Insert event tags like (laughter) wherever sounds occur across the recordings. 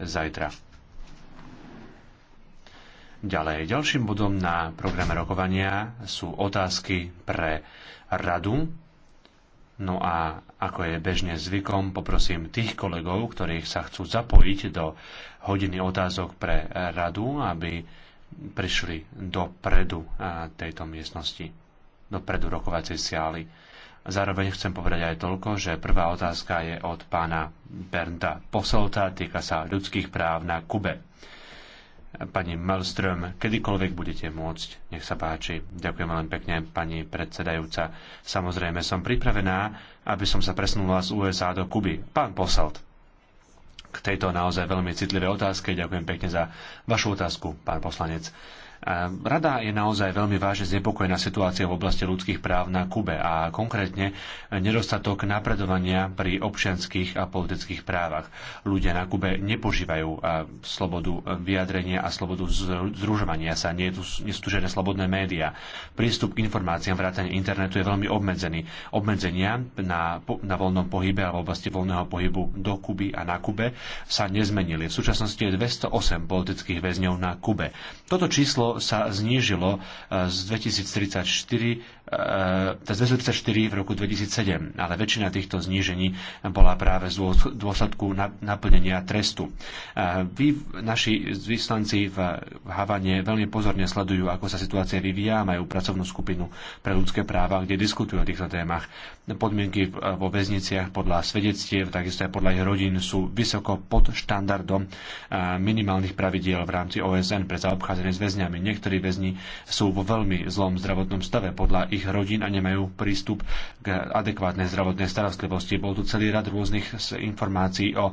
zajtra. Ďalej, ďalším bodom na programe rokovania sú otázky pre radu. No a ako je bežne zvykom, poprosím tých kolegov, ktorých sa chcú zapojiť do hodiny otázok pre radu, aby prišli dopredu tejto miestnosti, dopredu rokovacej sály. Zároveň chcem povedať aj toľko, že prvá otázka je od pána Bernda Posolta, týka sa ľudských práv na Kube. Pani Malström, kedykoľvek budete môcť, nech sa páči. Ďakujem len pekne, pani predsedajúca. Samozrejme, som pripravená, aby som sa presunula z USA do Kuby. Pán Posolt, k tejto naozaj veľmi citlivej otázke ďakujem pekne za vašu otázku, pán poslanec. Rada je naozaj veľmi vážne znepokojená situácia v oblasti ľudských práv na Kube a konkrétne nedostatok napredovania pri občianských a politických právach. Ľudia na Kube nepožívajú slobodu vyjadrenia a slobodu združovania sa. Nie, tu, nie sú tu žiadne slobodné médiá. Prístup k informáciám vrátane internetu je veľmi obmedzený. Obmedzenia na, na voľnom pohybe a v oblasti voľného pohybu do Kuby a na Kube sa nezmenili. V súčasnosti je 208 politických väzňov na Kube. Toto číslo sa znížilo e, z 2034 e, v roku 2007, ale väčšina týchto znížení bola práve z dôsledku naplnenia trestu. E, vy, naši vyslanci v Havane veľmi pozorne sledujú, ako sa situácia vyvíja, majú pracovnú skupinu pre ľudské práva, kde diskutujú o týchto témach podmienky vo väzniciach podľa svedectiev, takisto aj podľa ich rodín sú vysoko pod štandardom minimálnych pravidiel v rámci OSN pre zaobchádzanie s väzňami. Niektorí väzni sú vo veľmi zlom zdravotnom stave podľa ich rodín a nemajú prístup k adekvátnej zdravotnej starostlivosti. Bol tu celý rad rôznych informácií o, e,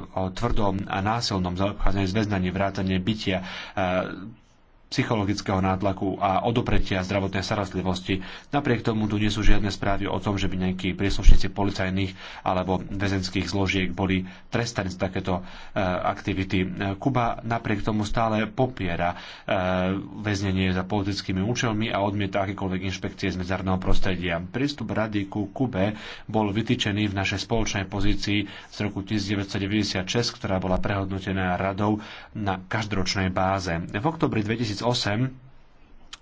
o tvrdom a násilnom zaobchádzanie s väznami, vrátane bytia, psychologického nátlaku a odopretia zdravotnej starostlivosti. Napriek tomu tu nie sú žiadne správy o tom, že by nejakí príslušníci policajných alebo väzenských zložiek boli trestaní z takéto e, aktivity. Kuba napriek tomu stále popiera e, väznenie za politickými účelmi a odmieta akékoľvek inšpekcie z medzárneho prostredia. Prístup rady ku Kube bol vytýčený v našej spoločnej pozícii z roku 1996, ktorá bola prehodnotená radou na každoročnej báze. V oktobri 2000 2008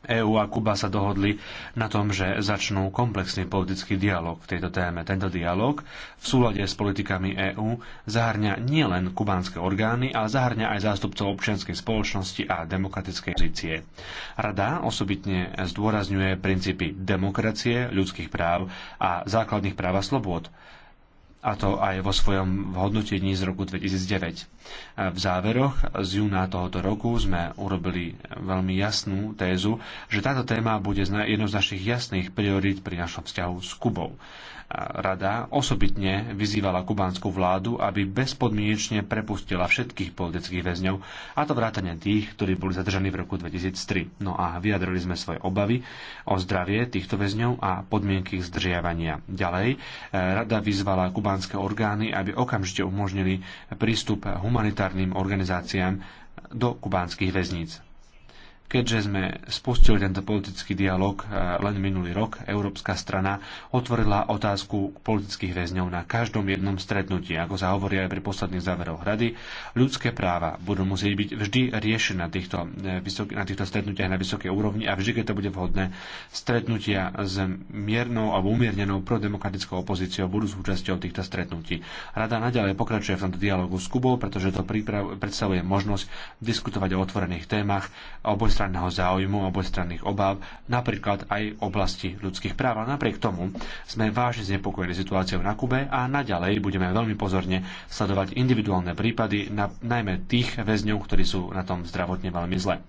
EÚ a Kuba sa dohodli na tom, že začnú komplexný politický dialog v tejto téme. Tento dialog v súlade s politikami EÚ zahrňa nielen kubánske orgány, ale zahrňa aj zástupcov občianskej spoločnosti a demokratickej pozície. Rada osobitne zdôrazňuje princípy demokracie, ľudských práv a základných práv a slobôd a to aj vo svojom hodnotení z roku 2009. V záveroch z júna tohoto roku sme urobili veľmi jasnú tézu, že táto téma bude jednou z našich jasných priorít pri našom vzťahu s Kubou rada osobitne vyzývala kubánsku vládu, aby bezpodmienečne prepustila všetkých politických väzňov, a to vrátane tých, ktorí boli zadržaní v roku 2003. No a vyjadrili sme svoje obavy o zdravie týchto väzňov a podmienky ich zdržiavania. Ďalej, rada vyzvala kubánske orgány, aby okamžite umožnili prístup humanitárnym organizáciám do kubánskych väzníc. Keďže sme spustili tento politický dialog eh, len minulý rok, Európska strana otvorila otázku politických väzňov na každom jednom stretnutí. Ako sa hovorí aj pri posledných záveroch rady, ľudské práva budú musieť byť vždy riešené na týchto, eh, na týchto stretnutiach na vysokej úrovni a vždy, keď to bude vhodné, stretnutia s miernou alebo umiernenou prodemokratickou opozíciou budú súčasťou týchto stretnutí. Rada naďalej pokračuje v tomto dialogu s Kubou, pretože to predstavuje možnosť diskutovať o otvorených témach, obostranného záujmu, obostranných obav, napríklad aj oblasti ľudských práv. A napriek tomu sme vážne znepokojili situáciou na Kube a naďalej budeme veľmi pozorne sledovať individuálne prípady, na, najmä tých väzňov, ktorí sú na tom zdravotne veľmi zle.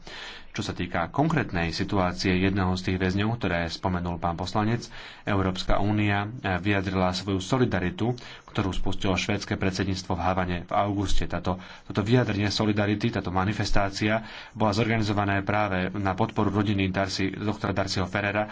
Čo sa týka konkrétnej situácie jedného z tých väzňov, ktoré spomenul pán poslanec, Európska únia eh, vyjadrila svoju solidaritu, ktorú spustilo švédske predsedníctvo v Havane v auguste. Tato, toto vyjadrenie solidarity, táto manifestácia bola zorganizované práve na podporu rodiny Darcy, doktora Darcyho Ferrera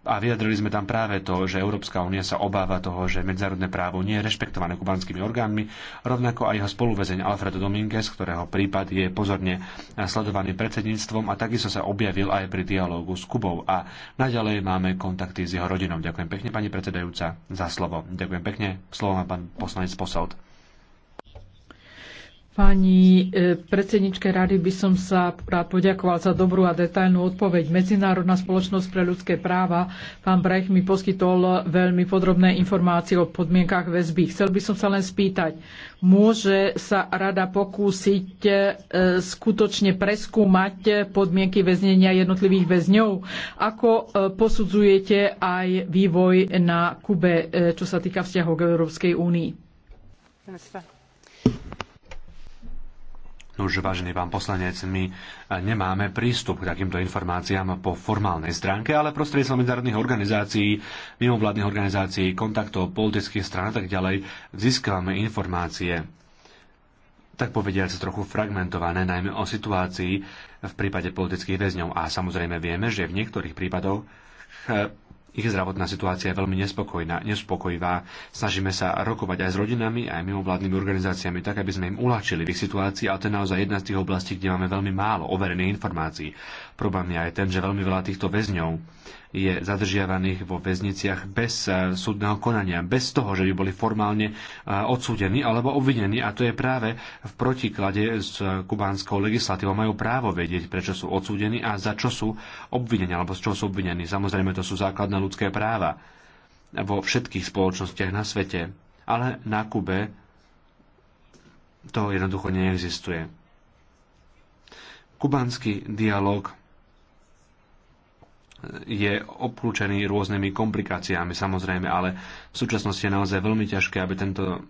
a vyjadrili sme tam práve to, že Európska únia sa obáva toho, že medzárodné právo nie je rešpektované kubanskými orgánmi, rovnako aj jeho spoluväzeň Alfredo Dominguez, ktorého prípad je pozorne sledovaný predsedníctvom a takisto sa objavil aj pri dialógu s Kubou a naďalej máme kontakty s jeho rodinou. Ďakujem pekne, pani predsedajúca, za slovo. Ďakujem pekne. Slovo má pán poslanec Posolt. Pani e, predsedničke rady by som sa rád poďakoval za dobrú a detailnú odpoveď. Medzinárodná spoločnosť pre ľudské práva, pán Brech mi poskytol veľmi podrobné informácie o podmienkach väzby. Chcel by som sa len spýtať, môže sa rada pokúsiť e, skutočne preskúmať podmienky väznenia jednotlivých väzňov? Ako e, posudzujete aj vývoj na Kube, čo sa týka vzťahov k Európskej únii? Nuž, no vážený pán poslanec, my e, nemáme prístup k takýmto informáciám po formálnej stránke, ale prostredníctvom medzinárodných organizácií, mimovládnych organizácií, kontaktov, politických strán a tak ďalej získavame informácie tak povediať, trochu fragmentované, najmä o situácii v prípade politických väzňov. A samozrejme vieme, že v niektorých prípadoch e, ich zdravotná situácia je veľmi nespokojná, nespokojivá. Snažíme sa rokovať aj s rodinami, aj mimovládnymi organizáciami, tak aby sme im uľahčili v ich situácii, ale to je naozaj jedna z tých oblastí, kde máme veľmi málo overených informácií. Problém je aj ten, že veľmi veľa týchto väzňov je zadržiavaných vo väzniciach bez eh, súdneho konania, bez toho, že by boli formálne eh, odsúdení alebo obvinení. A to je práve v protiklade s eh, kubánskou legislatívou. Majú právo vedieť, prečo sú odsúdení a za čo sú obvinení alebo z čoho sú obvinení. Samozrejme, to sú základné ľudské práva vo všetkých spoločnostiach na svete. Ale na Kube to jednoducho neexistuje. Kubánsky dialog je obklúčený rôznymi komplikáciami samozrejme, ale v súčasnosti je naozaj veľmi ťažké, aby tento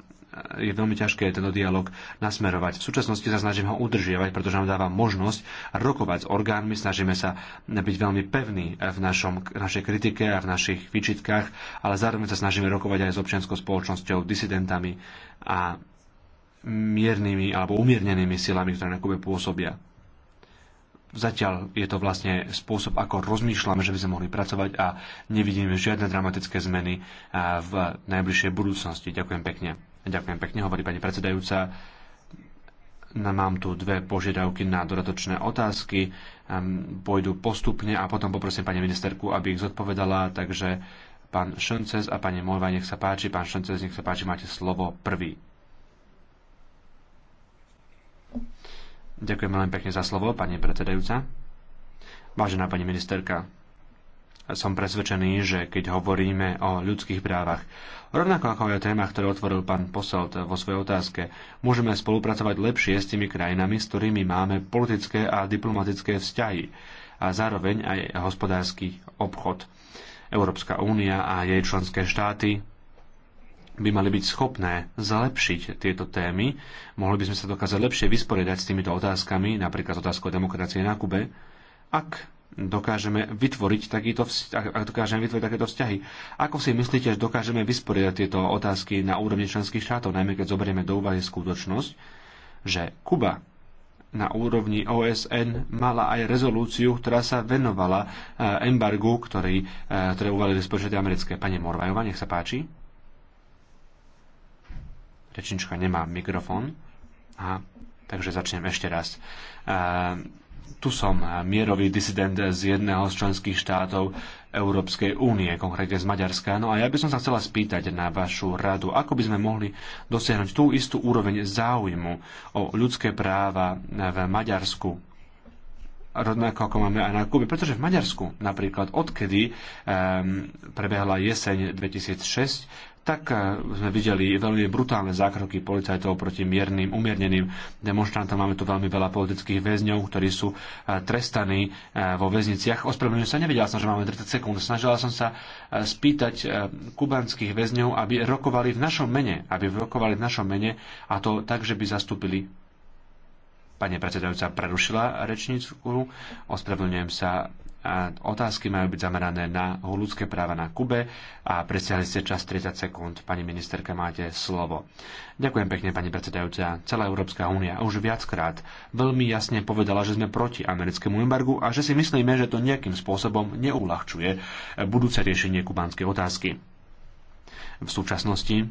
je veľmi ťažké tento dialog nasmerovať. V súčasnosti sa snažím ho udržiavať, pretože nám dáva možnosť rokovať s orgánmi, snažíme sa byť veľmi pevní v našom, našej kritike a v našich výčitkách, ale zároveň sa snažíme rokovať aj s občianskou spoločnosťou, disidentami a miernymi alebo umiernenými silami, ktoré na Kube pôsobia. Zatiaľ je to vlastne spôsob, ako rozmýšľame, že by sme mohli pracovať a nevidíme žiadne dramatické zmeny v najbližšej budúcnosti. Ďakujem pekne. Ďakujem pekne, hovorí pani predsedajúca. Mám tu dve požiadavky na dodatočné otázky. Ehm, pôjdu postupne a potom poprosím pani ministerku, aby ich zodpovedala. Takže pán Šoncez a pani Mojva, nech sa páči. Pán Šoncez, nech sa páči, máte slovo prvý. Ďakujem veľmi pekne za slovo, pani predsedajúca. Vážená pani ministerka, som presvedčený, že keď hovoríme o ľudských právach, rovnako ako aj o témach, ktoré otvoril pán Poselt vo svojej otázke, môžeme spolupracovať lepšie s tými krajinami, s ktorými máme politické a diplomatické vzťahy a zároveň aj hospodársky obchod. Európska únia a jej členské štáty by mali byť schopné zlepšiť tieto témy. Mohli by sme sa dokázať lepšie vysporiadať s týmito otázkami, napríklad s otázkou demokracie na Kube, ak dokážeme vytvoriť, takýto, ak dokážeme vytvoriť takéto vzťahy. Ako si myslíte, že dokážeme vysporiadať tieto otázky na úrovni členských štátov, najmä keď zoberieme do úvahy skutočnosť, že Kuba na úrovni OSN mala aj rezolúciu, ktorá sa venovala eh, embargu, ktorý, eh, ktoré uvalili Spojené americké. Pane Morvajova, nech sa páči pečnička nemá mikrofón. Aha, takže začnem ešte raz. Ehm tu som e, mierový disident z jedného z členských štátov Európskej únie, konkrétne z Maďarska. No a ja by som sa chcela spýtať na vašu radu, ako by sme mohli dosiahnuť tú istú úroveň záujmu o ľudské práva v Maďarsku, rovnako ako máme aj na Kube, pretože v Maďarsku napríklad odkedy um, prebehla jeseň 2006, tak eh, sme videli veľmi brutálne zákroky policajtov proti miernym, umierneným demonstrantom. Máme tu veľmi veľa politických väzňov, ktorí sú eh, trestaní eh, vo väzniciach. Ospravedlňujem sa, nevedela som, že máme 30 sekúnd. Snažila som sa spýtať kubanských väzňov, aby rokovali v našom mene, aby rokovali v našom mene a to tak, že by zastúpili Pani predsedajúca prerušila rečnícku. Ospravedlňujem sa a otázky majú byť zamerané na ľudské práva na Kube a presiahli ste čas 30 sekúnd. Pani ministerka, máte slovo. Ďakujem pekne, pani predsedajúca. Celá Európska únia už viackrát veľmi jasne povedala, že sme proti americkému embargu a že si myslíme, že to nejakým spôsobom neulahčuje budúce riešenie kubanskej otázky. V súčasnosti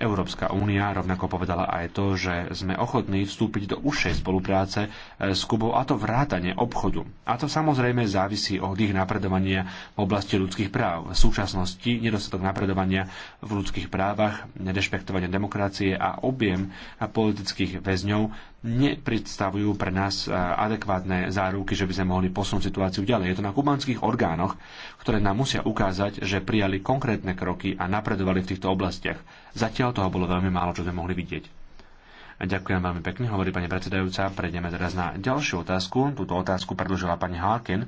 Európska únia rovnako povedala aj to, že sme ochotní vstúpiť do užšej spolupráce eh, s Kubou a to vrátane obchodu. A to samozrejme závisí od ich napredovania v oblasti ľudských práv. V súčasnosti nedostatok napredovania v ľudských právach, nerešpektovanie demokracie a objem politických väzňov nepredstavujú pre nás e, adekvátne záruky, že by sme mohli posunúť situáciu ďalej. Je to na kubanských orgánoch, ktoré nám musia ukázať, že prijali konkrétne kroky a napredovali v týchto oblastiach. Zatiaľ toho bolo veľmi málo, čo sme mohli vidieť. Ďakujem veľmi pekne, hovorí pani predsedajúca. Prejdeme teraz na ďalšiu otázku. Túto otázku predložila pani Harkin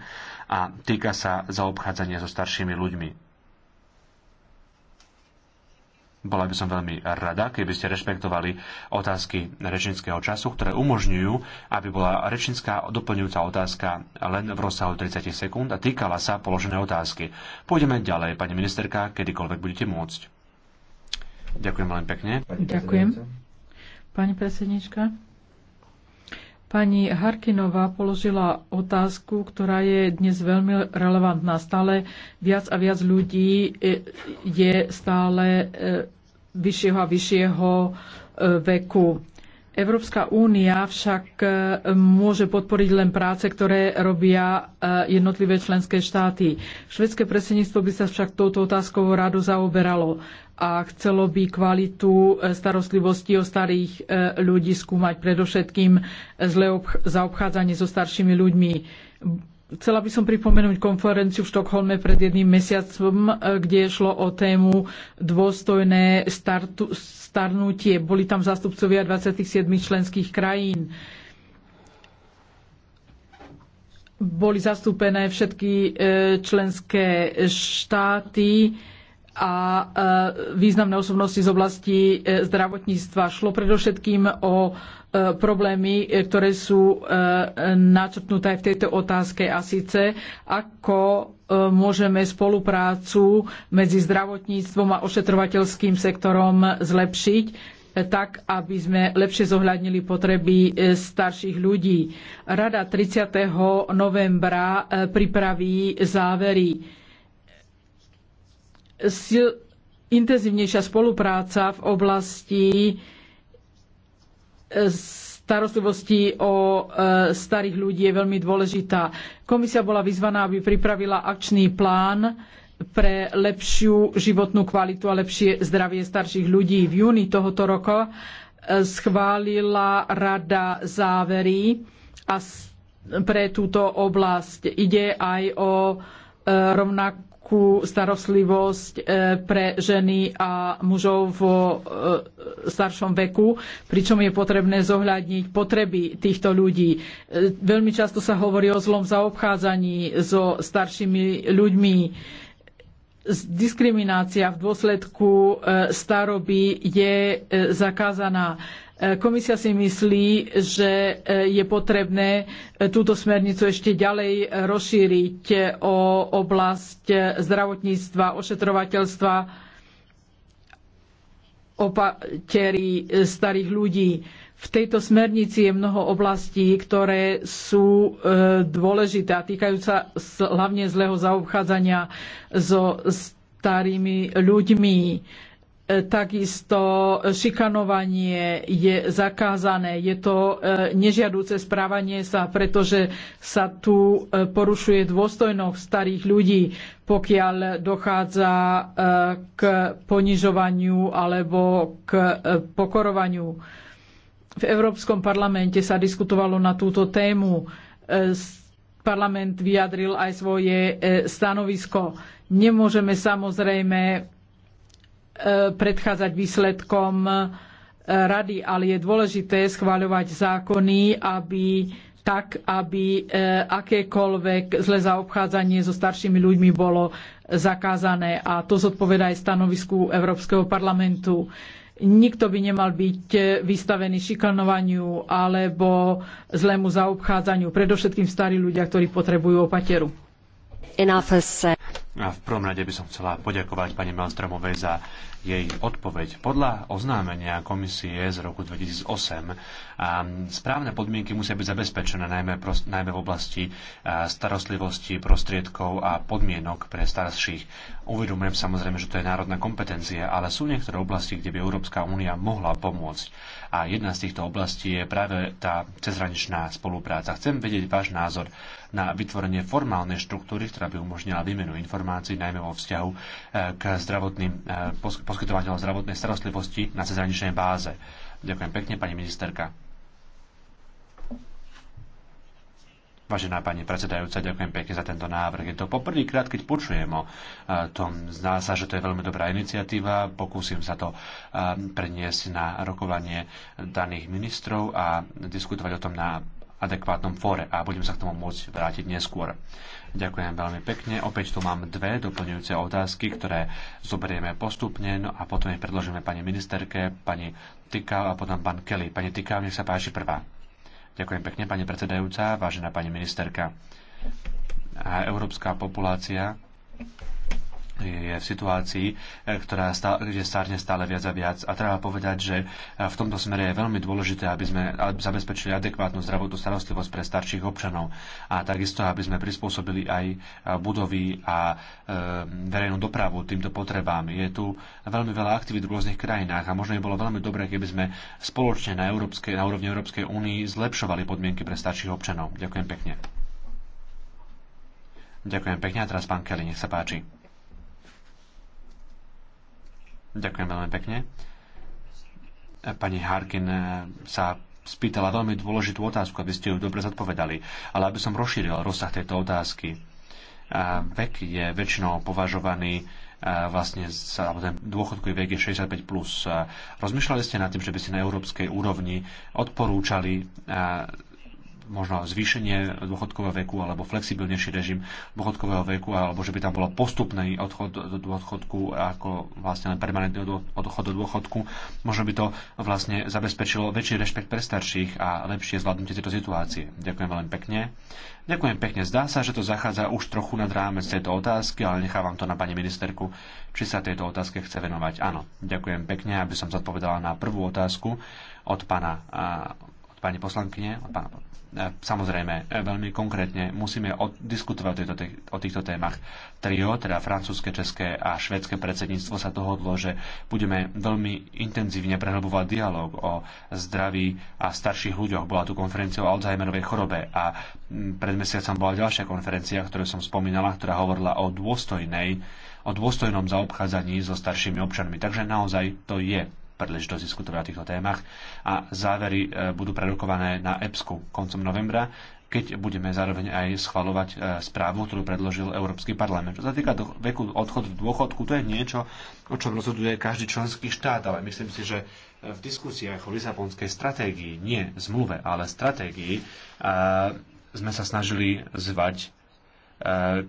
a týka sa zaobchádzania so staršími ľuďmi. Bola by som veľmi rada, keby ste rešpektovali otázky rečnického času, ktoré umožňujú, aby bola rečnická doplňujúca otázka len v rozsahu 30 sekúnd a týkala sa položené otázky. Pôjdeme ďalej, pani ministerka, kedykoľvek budete môcť. Ďakujem veľmi pekne. Ďakujem. Pani predsednička. Pani Harkinová položila otázku, ktorá je dnes veľmi relevantná. Stále viac a viac ľudí e, je stále e, vyššieho a vyššieho e, veku. Európska únia však e, môže podporiť len práce, ktoré robia e, jednotlivé členské štáty. Švedské predsedníctvo by sa však touto otázkou rado zaoberalo a chcelo by kvalitu e, starostlivosti o starých ľudí skúmať predovšetkým zlé zaobchádzanie so staršími ľuďmi Chcela by som pripomenúť konferenciu v Štokholme pred jedným mesiacom, e, kde šlo o tému dôstojné startu, starnutie. Boli tam zástupcovia 27 členských krajín. Boli zastúpené všetky e, členské štáty a e, významné osobnosti z oblasti e, zdravotníctva. Šlo predovšetkým o e, problémy, ktoré sú načrtnuté v tejto otázke a síce ako môžeme spoluprácu medzi zdravotníctvom a ošetrovateľským sektorom zlepšiť tak, aby sme lepšie zohľadnili potreby starších ľudí. Rada 30. novembra pripraví závery sil, intenzívnejšia spolupráca v oblasti e, starostlivosti o e, starých ľudí je veľmi dôležitá. Komisia bola vyzvaná, aby pripravila akčný plán pre lepšiu životnú kvalitu a lepšie zdravie starších ľudí. V júni tohoto roka e, schválila rada závery a pre túto oblasť. Ide aj o rovnak rovnakú starostlivosť e, pre ženy a mužov vo e, staršom veku, pričom je potrebné zohľadniť potreby týchto ľudí. E, veľmi často sa hovorí o zlom zaobchádzaní so staršími ľuďmi diskriminácia v dôsledku e, staroby je e, zakázaná. E, komisia si myslí, že je potrebné túto smernicu ešte ďalej rozšíriť o oblasť zdravotníctva, ošetrovateľstva, opatery starých ľudí. V tejto smernici je mnoho oblastí, ktoré sú e, dôležité a týkajú sa hlavne zlého zaobchádzania so starými ľuďmi. E, takisto šikanovanie je zakázané, je to e, nežiaduce správanie sa, pretože sa tu porušuje dôstojnosť starých ľudí, pokiaľ dochádza k ponižovaniu alebo k pokorovaniu v Európskom parlamente sa diskutovalo na túto tému. E, parlament vyjadril aj svoje e, stanovisko. Nemôžeme samozrejme e, predchádzať výsledkom rady, ale je dôležité schváľovať zákony, aby tak, aby akékoľvek zlé zaobchádzanie so staršími ľuďmi bolo zakázané. A to zodpovedá aj stanovisku Európskeho parlamentu. Nikto by nemal byť eh, vystavený šikanovaniu alebo zlému zaobchádzaniu, predovšetkým starí ľudia, ktorí potrebujú opateru. A v prvom rade by som chcela poďakovať pani Malstromovej za jej odpoveď. Podľa oznámenia komisie z roku 2008 správne podmienky musia byť zabezpečené najmä, prost, najmä v oblasti starostlivosti, prostriedkov a podmienok pre starších. Uvedomujem samozrejme, že to je národná kompetencia, ale sú niektoré oblasti, kde by Európska únia mohla pomôcť a jedna z týchto oblastí je práve tá cezhraničná spolupráca. Chcem vedieť váš názor na vytvorenie formálnej štruktúry, ktorá by umožnila výmenu informácií, najmä vo vzťahu eh, k zdravotným, eh, poskytovateľom zdravotnej starostlivosti na cezhraničnej báze. Ďakujem pekne, pani ministerka. Vážená pani predsedajúca, ďakujem pekne za tento návrh. Je to poprvýkrát, keď počujem o e, tom. Zná sa, že to je veľmi dobrá iniciatíva. Pokúsim sa to e, preniesť na rokovanie daných ministrov a diskutovať o tom na adekvátnom fóre a budem sa k tomu môcť vrátiť neskôr. Ďakujem veľmi pekne. Opäť tu mám dve doplňujúce otázky, ktoré zoberieme postupne no a potom ich predložíme pani ministerke, pani Tikal a potom pán Kelly. Pani Tikal, nech sa páči prvá. Ďakujem pekne, pani predsedajúca, vážená pani ministerka. A európska populácia je v situácii, eh, ktorá stále, kde stárne stále viac a viac. A treba povedať, že eh, v tomto smere je veľmi dôležité, aby sme zabezpečili adekvátnu zdravotnú starostlivosť pre starších občanov a takisto, aby sme prispôsobili aj eh, budovy a verejnú dopravu týmto potrebám. Je tu veľmi veľa aktivít v rôznych krajinách a možno by bolo veľmi dobré, keby sme spoločne na, Európskej, na úrovni Európskej únii zlepšovali podmienky pre starších občanov. Ďakujem pekne. Ďakujem pekne a teraz pán Kelly, nech sa páči. Ďakujem veľmi pekne. Pani Harkin sa spýtala veľmi dôležitú otázku, aby ste ju dobre zodpovedali, ale aby som rozšíril rozsah tejto otázky. A vek je väčšinou považovaný vlastne sa, ten dôchodkový vek je 65+. Plus. Rozmýšľali ste nad tým, že by ste na európskej úrovni odporúčali možno zvýšenie dôchodkového veku alebo flexibilnejší režim dôchodkového veku alebo že by tam bolo postupný odchod do dôchodku ako vlastne len permanentný odchod do dôchodku. Možno by to vlastne zabezpečilo väčší rešpekt pre starších a lepšie zvládnutie tejto situácie. Ďakujem veľmi pekne. Ďakujem pekne. Zdá sa, že to zachádza už trochu nad rámec tejto otázky, ale nechávam to na pani ministerku, či sa tejto otázke chce venovať. Áno, ďakujem pekne, aby som zodpovedala na prvú otázku od pána Pani poslankyne, pán, e, samozrejme, e, veľmi konkrétne musíme diskutovať o týchto témach. Trio, teda francúzske, české a švedské predsedníctvo sa dohodlo, že budeme veľmi intenzívne prehlbovať dialog o zdraví a starších ľuďoch. Bola tu konferencia o Alzheimerovej chorobe a pred mesiacom bola ďalšia konferencia, ktorú som spomínala, ktorá hovorila o dôstojnej o dôstojnom zaobchádzaní so staršími občanmi. Takže naozaj to je príležitosť diskutovať o týchto témach a závery e, budú prerokované na EPSku koncom novembra keď budeme zároveň aj schvalovať e, správu, ktorú predložil Európsky parlament. Čo sa týka do veku odchodu v dôchodku, to je niečo, o čom rozhoduje každý členský štát, ale myslím si, že e, v diskusiách o Lisabonskej stratégii, nie zmluve, ale stratégii, sme sa snažili zvať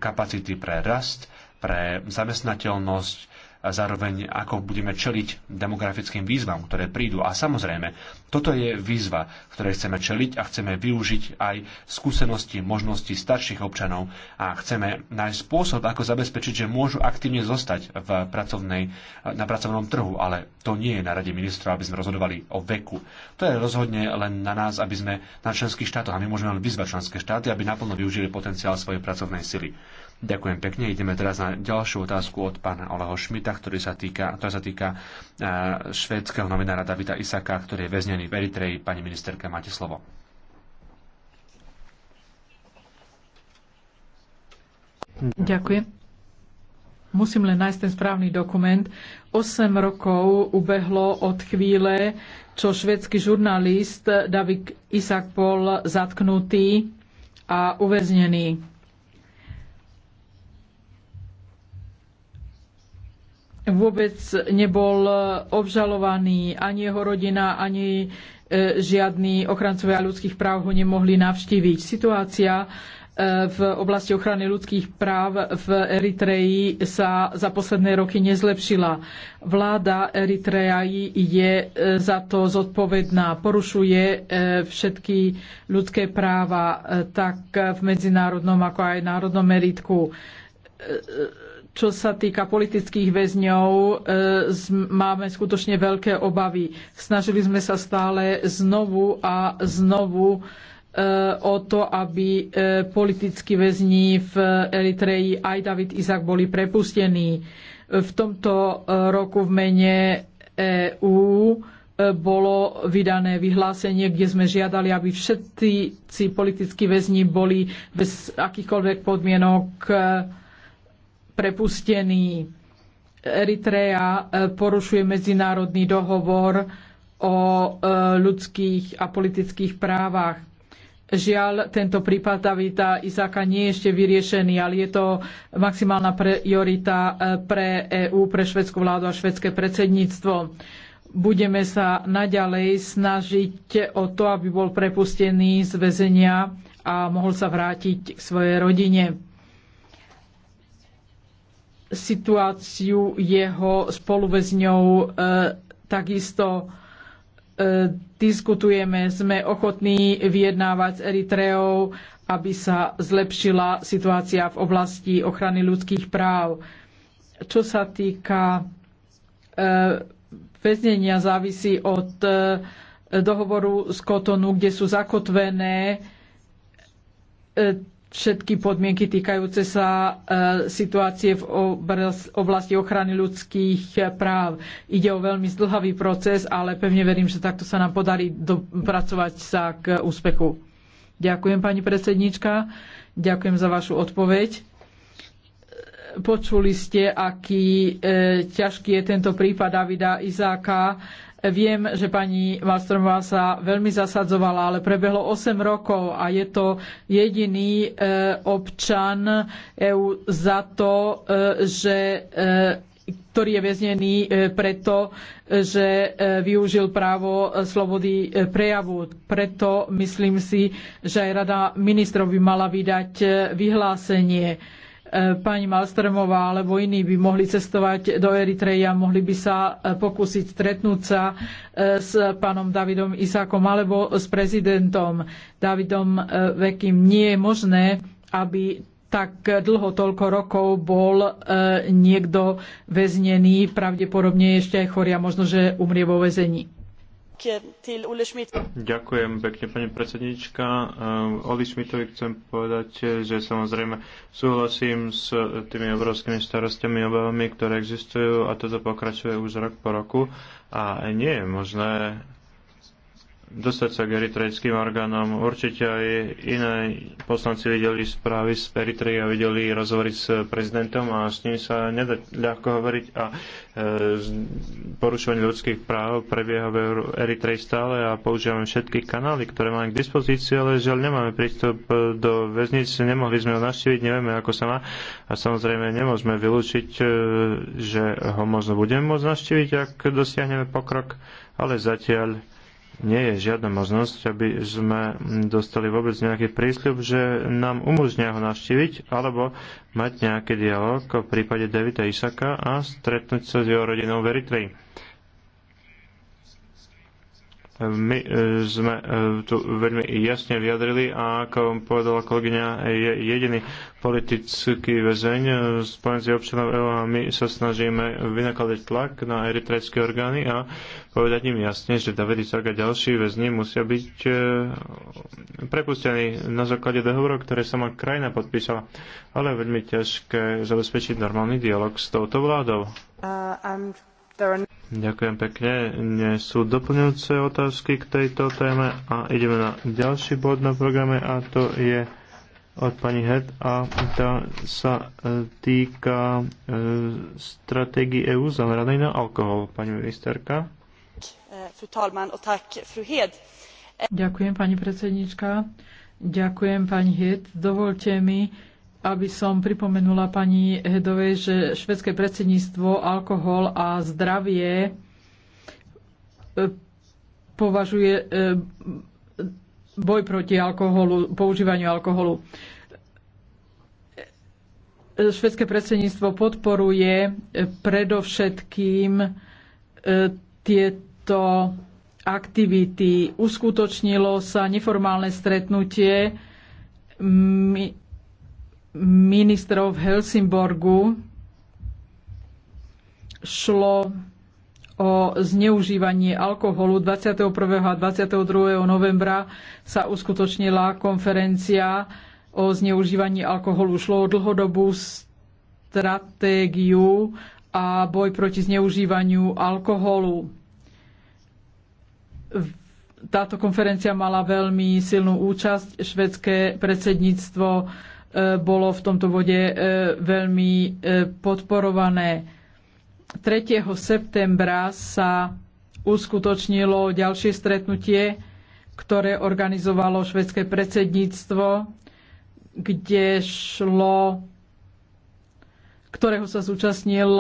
kapacity pre rast, pre zamestnateľnosť, a zároveň ako budeme čeliť demografickým výzvam, ktoré prídu. A samozrejme, toto je výzva, ktoré chceme čeliť a chceme využiť aj skúsenosti, možnosti starších občanov a chceme nájsť spôsob, ako zabezpečiť, že môžu aktívne zostať v pracovnej, na pracovnom trhu, ale to nie je na rade ministrov, aby sme rozhodovali o veku. To je rozhodne len na nás, aby sme na členských štátoch, a my môžeme len vyzvať členské štáty, aby naplno využili potenciál svojej pracovnej sily. Ďakujem pekne. Ideme teraz na ďalšiu otázku od pána Oleho Šmita, ktorý sa týka, ktorá sa týka e, švédskeho novinára Davida Isaka, ktorý je väznený v Eritreji. Pani ministerka, máte slovo. Ďakujem. Musím len nájsť ten správny dokument. 8 rokov ubehlo od chvíle, čo švedský žurnalist David Isak bol zatknutý a uväznený vôbec nebol e, obžalovaný, ani jeho rodina, ani e, žiadni ochrancovia ľudských práv ho nemohli navštíviť. Situácia e, v oblasti ochrany ľudských práv v Eritreji sa za posledné roky nezlepšila. Vláda Eritreji je za to zodpovedná, porušuje všetky ľudské práva tak v medzinárodnom ako aj národnom meritku čo sa týka politických väzňov, e, máme skutočne veľké obavy. Snažili sme sa stále znovu a znovu e, o to, aby e, politickí väzni v Eritreji aj David Izak boli prepustení. V tomto roku v mene EÚ bolo vydané vyhlásenie, kde sme žiadali, aby všetci politickí väzni boli bez akýchkoľvek podmienok prepustený. Eritrea e, porušuje medzinárodný dohovor o e, ľudských a politických právach. Žiaľ, tento prípad Davida Izaka nie je ešte vyriešený, ale je to maximálna priorita e, pre EÚ, pre švedskú vládu a švedské predsedníctvo. Budeme sa naďalej snažiť o to, aby bol prepustený z väzenia a mohol sa vrátiť k svojej rodine situáciu jeho spoluväzňov e, takisto e, diskutujeme, sme ochotní vyjednávať s Eritreou, aby sa zlepšila situácia v oblasti ochrany ľudských práv. Čo sa týka e, väznenia, závisí od dohovoru z Kotonu, kde sú zakotvené všetky podmienky týkajúce sa e, situácie v oblasti ochrany ľudských e, práv. Ide o veľmi zdlhavý proces, ale pevne verím, že takto sa nám podarí dopracovať sa k úspechu. Ďakujem, pani predsednička. Ďakujem za vašu odpoveď. Počuli ste, aký e, ťažký je tento prípad Davida Izáka Viem, že pani Malstromová sa veľmi zasadzovala, ale prebehlo 8 rokov a je to jediný e, občan EÚ za to, e, že e, ktorý je väznený preto, že využil právo slobody prejavu. Preto myslím si, že aj Rada ministrov by mala vydať vyhlásenie pani Malstremová alebo iní by mohli cestovať do Eritreja, mohli by sa e, pokúsiť stretnúť sa e, s pánom Davidom Isákom alebo s prezidentom Davidom e, Vekým. Nie je možné, aby tak dlho, toľko rokov bol niekto väznený, pravdepodobne ešte aj choria, možno, že umrie vo väzení. Ďakujem pekne, pani predsednička. Ehm, Oli Schmidtovi chcem povedať, že samozrejme súhlasím s tými obrovskými starostiami a obavami, ktoré existujú a toto pokračuje už rok po roku a nie je možné dostať sa k eritrejským orgánom. Určite aj iné poslanci videli správy z Eritreji a videli rozhovory s prezidentom a s ním sa nedá ľahko hovoriť a e, porušovanie ľudských práv prebieha v Eritreji stále a používame všetky kanály, ktoré máme k dispozícii, ale žiaľ nemáme prístup e, do väznic, nemohli sme ho navštíviť, nevieme ako sa má a samozrejme nemôžeme vylúčiť, e, že ho možno budeme môcť navštíviť, ak dosiahneme pokrok, ale zatiaľ nie je žiadna možnosť, aby sme dostali vôbec nejaký prísľub, že nám umožnia ho navštíviť, alebo mať nejaký dialog v prípade Davida Isaka a stretnúť sa s jeho rodinou v Eritreji my e, sme e, tu veľmi jasne vyjadrili a ako povedala kolegyňa, je jediný politický väzeň e, spojenci občanov EU a my sa snažíme vynakladať tlak na eritrejské orgány a povedať im jasne, že David Isaac a ďalší väzni musia byť prepustení na základe dohovorov, ktoré sama krajina podpísala. Ale veľmi ťažké zabezpečiť normálny dialog s touto vládou. Uh, Ďakujem pekne. Nie sú doplňujúce otázky k tejto téme a ideme na ďalší bod na programe a to je od pani Het a tá sa e, týka e, stratégie EÚ zameranej na alkohol. Pani ministerka. Ďakujem, pani predsednička. Ďakujem, pani Het. Dovolte mi aby som pripomenula pani Hedovej, že švedské predsedníctvo, alkohol a zdravie e, považuje e, boj proti alkoholu, používaniu alkoholu. E, švedské predsedníctvo podporuje predovšetkým tieto aktivity. Uskutočnilo sa neformálne stretnutie ministrov v Helsingborgu šlo o zneužívanie alkoholu 21. a 22. novembra sa uskutočnila konferencia o zneužívaní alkoholu. Šlo o dlhodobú stratégiu a boj proti zneužívaniu alkoholu. Táto konferencia mala veľmi silnú účasť. Švedské predsedníctvo E, bolo v tomto bode e, veľmi e, podporované. 3. septembra sa uskutočnilo ďalšie stretnutie, ktoré organizovalo švedské predsedníctvo, kde šlo, ktorého sa zúčastnili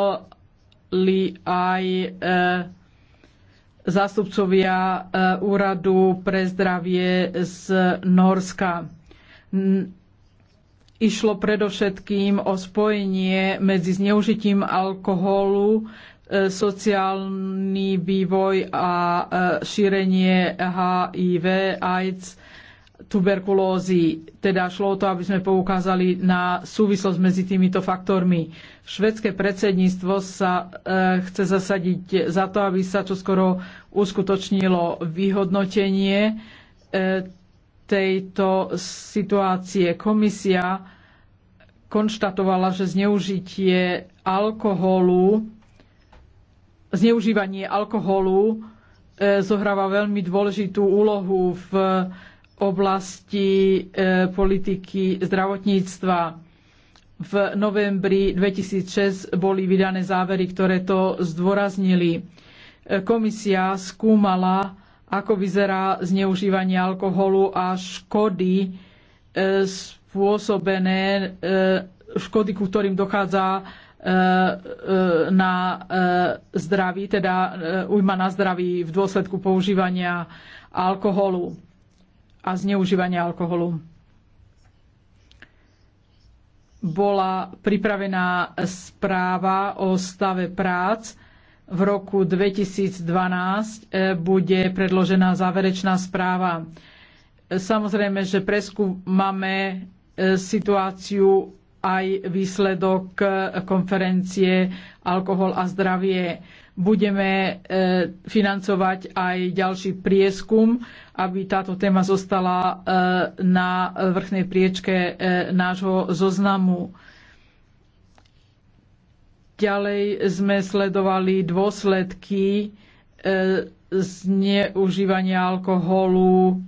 aj zástupcovia Úradu pre zdravie z Norska Išlo predovšetkým o spojenie medzi zneužitím alkoholu, e, sociálny vývoj a e, šírenie HIV, AIDS, tuberkulózy. Teda šlo o to, aby sme poukázali na súvislosť medzi týmito faktormi. Švedské predsedníctvo sa e, chce zasadiť za to, aby sa čoskoro uskutočnilo vyhodnotenie tejto situácie. Komisia konštatovala, že zneužitie alkoholu, zneužívanie alkoholu e, zohráva veľmi dôležitú úlohu v oblasti e, politiky zdravotníctva. V novembri 2006 boli vydané závery, ktoré to zdôraznili. E, komisia skúmala ako vyzerá zneužívanie alkoholu a škody e, spôsobené, e, škody, ku ktorým dochádza e, na zdraví, teda ujma na zdraví v dôsledku používania alkoholu a zneužívania alkoholu. Bola pripravená správa o stave prác v roku 2012 e, bude predložená záverečná správa. E, samozrejme, že preskúmame e, situáciu aj výsledok konferencie Alkohol a zdravie. Budeme financovať aj ďalší prieskum, aby táto téma zostala na vrchnej priečke nášho zoznamu Ďalej sme sledovali dôsledky e, zneužívania alkoholu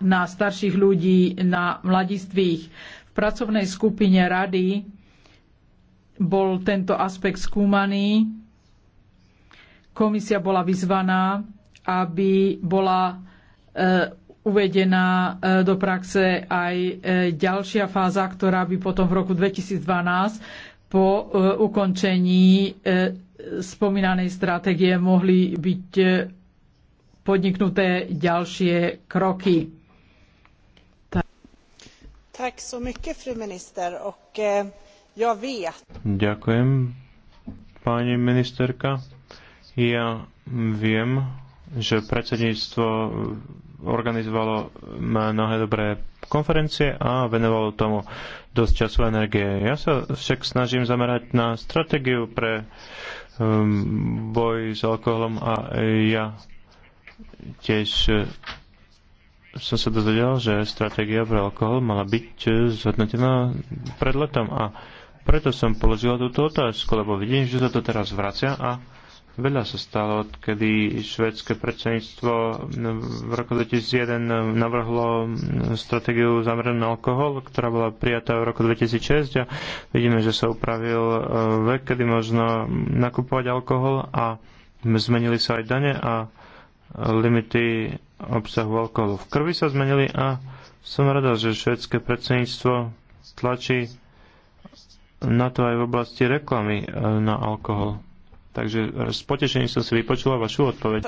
na starších ľudí, na mladistvých. V pracovnej skupine rady bol tento aspekt skúmaný. Komisia bola vyzvaná, aby bola e, uvedená e, do praxe aj e, ďalšia fáza, ktorá by potom v roku 2012 po e, ukončení spomínanej stratégie mohli byť podniknuté ďalšie kroky. Eh, Ďakujem, pani ministerka. Ja viem, že predsedníctvo organizovalo mnohé dobré konferencie a venovalo tomu dosť času a energie. Ja sa však snažím zamerať na stratégiu pre um, boj s alkoholom a ja tiež eh, som sa dozvedel, že stratégia pre alkohol mala byť eh, zhodnotená pred letom a preto som položil túto otázku, lebo vidím, že sa to teraz vracia a Veľa sa stalo, odkedy švedské predsedníctvo v roku 2001 navrhlo stratégiu zameranú na alkohol, ktorá bola prijatá v roku 2006 a vidíme, že sa upravil e, vek, kedy možno nakupovať alkohol a zmenili sa aj dane a limity obsahu alkoholu. V krvi sa zmenili a som rada, že švedské predsedníctvo tlačí na to aj v oblasti reklamy e, na alkohol. Takže e, s potešením som si vypočula vašu odpoveď.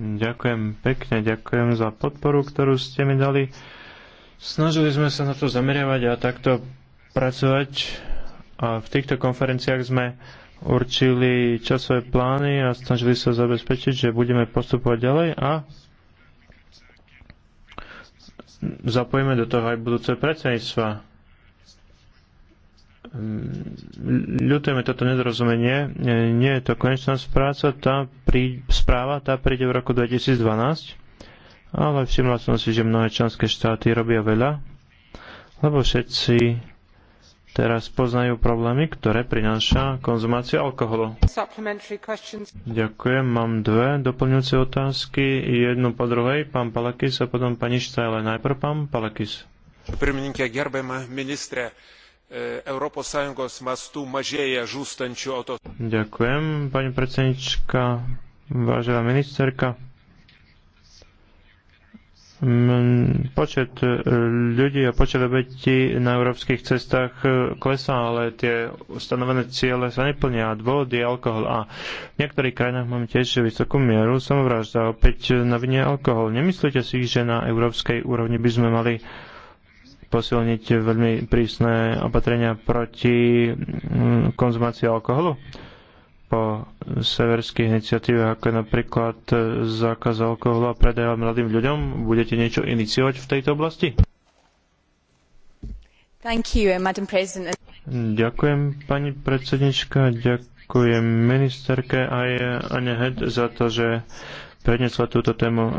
Ďakujem pekne, ďakujem za podporu, ktorú ste mi dali. Snažili sme sa na to zameriavať a takto pracovať. A v týchto konferenciách sme určili časové plány a snažili sa zabezpečiť, že budeme postupovať ďalej a zapojíme do toho aj budúce predsedníctva Hm, ľutujeme toto nedorozumenie. E, nie je to konečná spráca, tá prí, správa tá príde v roku 2012, ale všimla som si, že mnohé členské štáty robia veľa, lebo všetci teraz poznajú problémy, ktoré prináša konzumácia alkoholu. Ďakujem, mám dve doplňujúce otázky, jednu po druhej, pán Palakis a potom pani Štajle. Najprv pán Palakis. Prvníky, gerbem ministre, E, Ďakujem, pani predsednička, vážená ministerka. Počet ľudí a počet obetí na európskych cestách e, klesá, ale tie ustanovené ciele sa neplnia. Dôvod je alkohol. A v niektorých krajinách máme tiež vysokú mieru samovražda. Opäť na vine alkohol. Nemyslíte si, že na európskej úrovni by sme mali posilniť veľmi prísne opatrenia proti mm, konzumácii alkoholu po severských iniciatívach, ako napríklad e, zákaz alkoholu a predaj mladým ľuďom. Budete niečo iniciovať v tejto oblasti? Thank you, eh, Madam President. Ďakujem, pani predsednička. Ďakujem ministerke aj Anne Hed za to, že prednesla túto tému.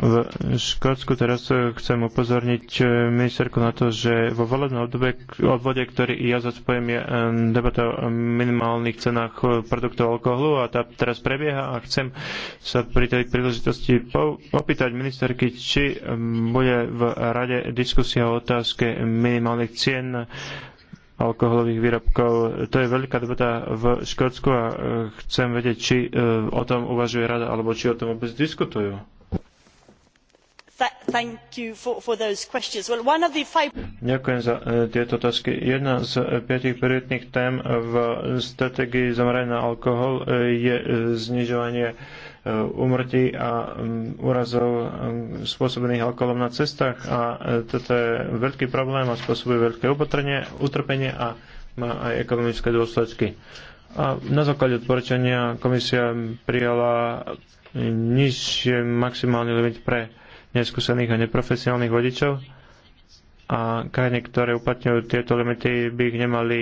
V Škótsku teraz eh, chcem upozorniť eh, ministerku na to, že vo volebnom obdobie, obvode, ktorý ja zaspojím, je eh, debata o minimálnych cenách produktov alkoholu a tá teraz prebieha a chcem sa pri tej príležitosti opýtať ministerky, či bude v rade diskusia o otázke minimálnych cien alkoholových výrobkov. To je veľká debata v Škótsku a e, chcem vedieť, či e, o tom uvažuje rada, alebo či o tom vôbec diskutujú. Ďakujem za e, tieto otázky. Jedna z piatich prioritných tém v stratégii zamerania na alkohol je znižovanie Eh, úmrtí a mm, úrazov mm, spôsobených alkoholom na cestách a eh, toto je veľký problém a spôsobuje veľké opatrenie, utrpenie a má aj ekonomické dôsledky. A na základe odporúčania komisia prijala nižšie maximálny limit pre neskúsených a neprofesionálnych vodičov a krajiny, ktoré uplatňujú tieto limity, by ich nemali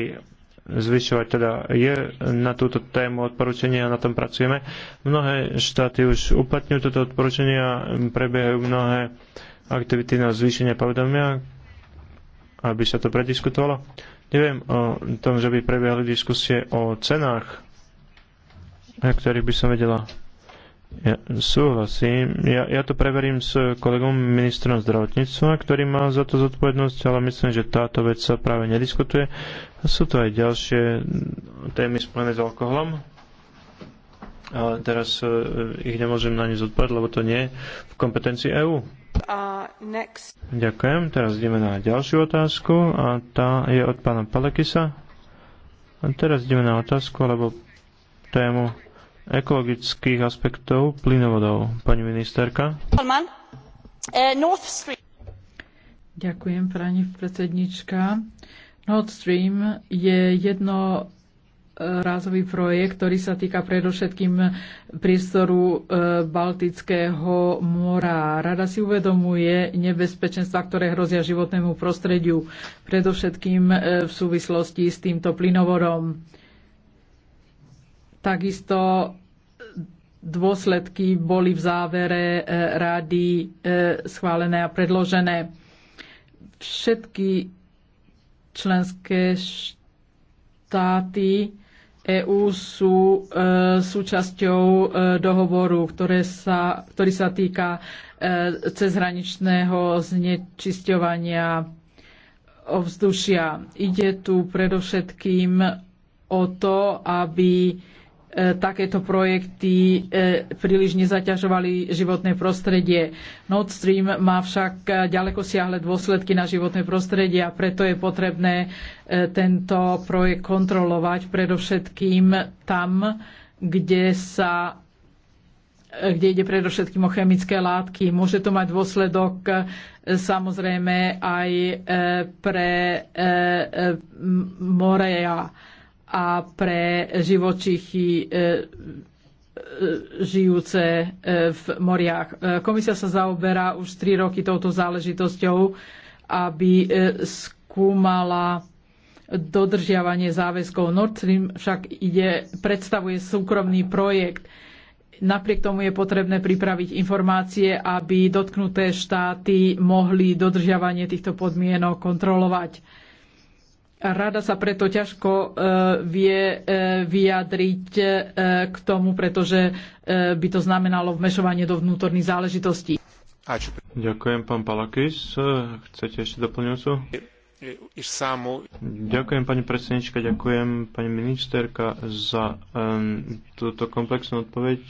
zvyšovať. Teda je na túto tému odporúčania a na tom pracujeme. Mnohé štáty už uplatňujú toto odporúčanie a prebiehajú mnohé aktivity na zvýšenie povedomia, aby sa to prediskutovalo. Neviem o tom, že by prebiehali diskusie o cenách, na ktorých by som vedela ja súhlasím. Ja, ja to preverím s kolegom ministrom zdravotníctva, ktorý má za to zodpovednosť, ale myslím, že táto vec sa práve nediskutuje. A sú to aj ďalšie témy spojené s alkoholom. Ale teraz e, ich nemôžem na ne zodpovedať, lebo to nie je v kompetencii EÚ. Uh, Ďakujem. Teraz ideme na ďalšiu otázku a tá je od pána Palekisa. A teraz ideme na otázku alebo tému ekologických aspektov plynovodov. Pani ministerka. E, Ďakujem, pani predsednička. Nord Stream je jedno rázový projekt, ktorý sa týka predovšetkým priestoru e, Baltického mora. Rada si uvedomuje nebezpečenstva, ktoré hrozia životnému prostrediu, predovšetkým e, v súvislosti s týmto plynovodom Takisto dôsledky boli v závere e, rady e, schválené a predložené. Všetky členské štáty EÚ sú e, súčasťou dohovoru, ktoré sa, ktorý sa týka cezhraničného znečisťovania ovzdušia. Ide tu predovšetkým o to, aby E, takéto projekty e, príliš nezaťažovali životné prostredie. Nord Stream má však e, ďaleko siahle dôsledky na životné prostredie a preto je potrebné tento projekt kontrolovať predovšetkým tam, kde sa kde ide predovšetkým o chemické látky. Môže to mať dôsledok samozrejme aj pre more a a pre živočichy e, e, žijúce e, v moriach. Komisia sa zaoberá už 3 roky touto záležitosťou, aby skúmala dodržiavanie záväzkov. Nord Stream však ide, predstavuje súkromný projekt. Napriek tomu je potrebné pripraviť informácie, aby dotknuté štáty mohli dodržiavanie týchto podmienok kontrolovať Rada sa preto ťažko e, vie e, vyjadriť e, k tomu, pretože by to znamenalo vmešovanie do vnútorných záležitostí. Ďakujem, pán Palakis. Chcete ešte doplňujúcu? Ďakujem, pani predsednička, ďakujem, pani ministerka, za um, túto komplexnú odpoveď.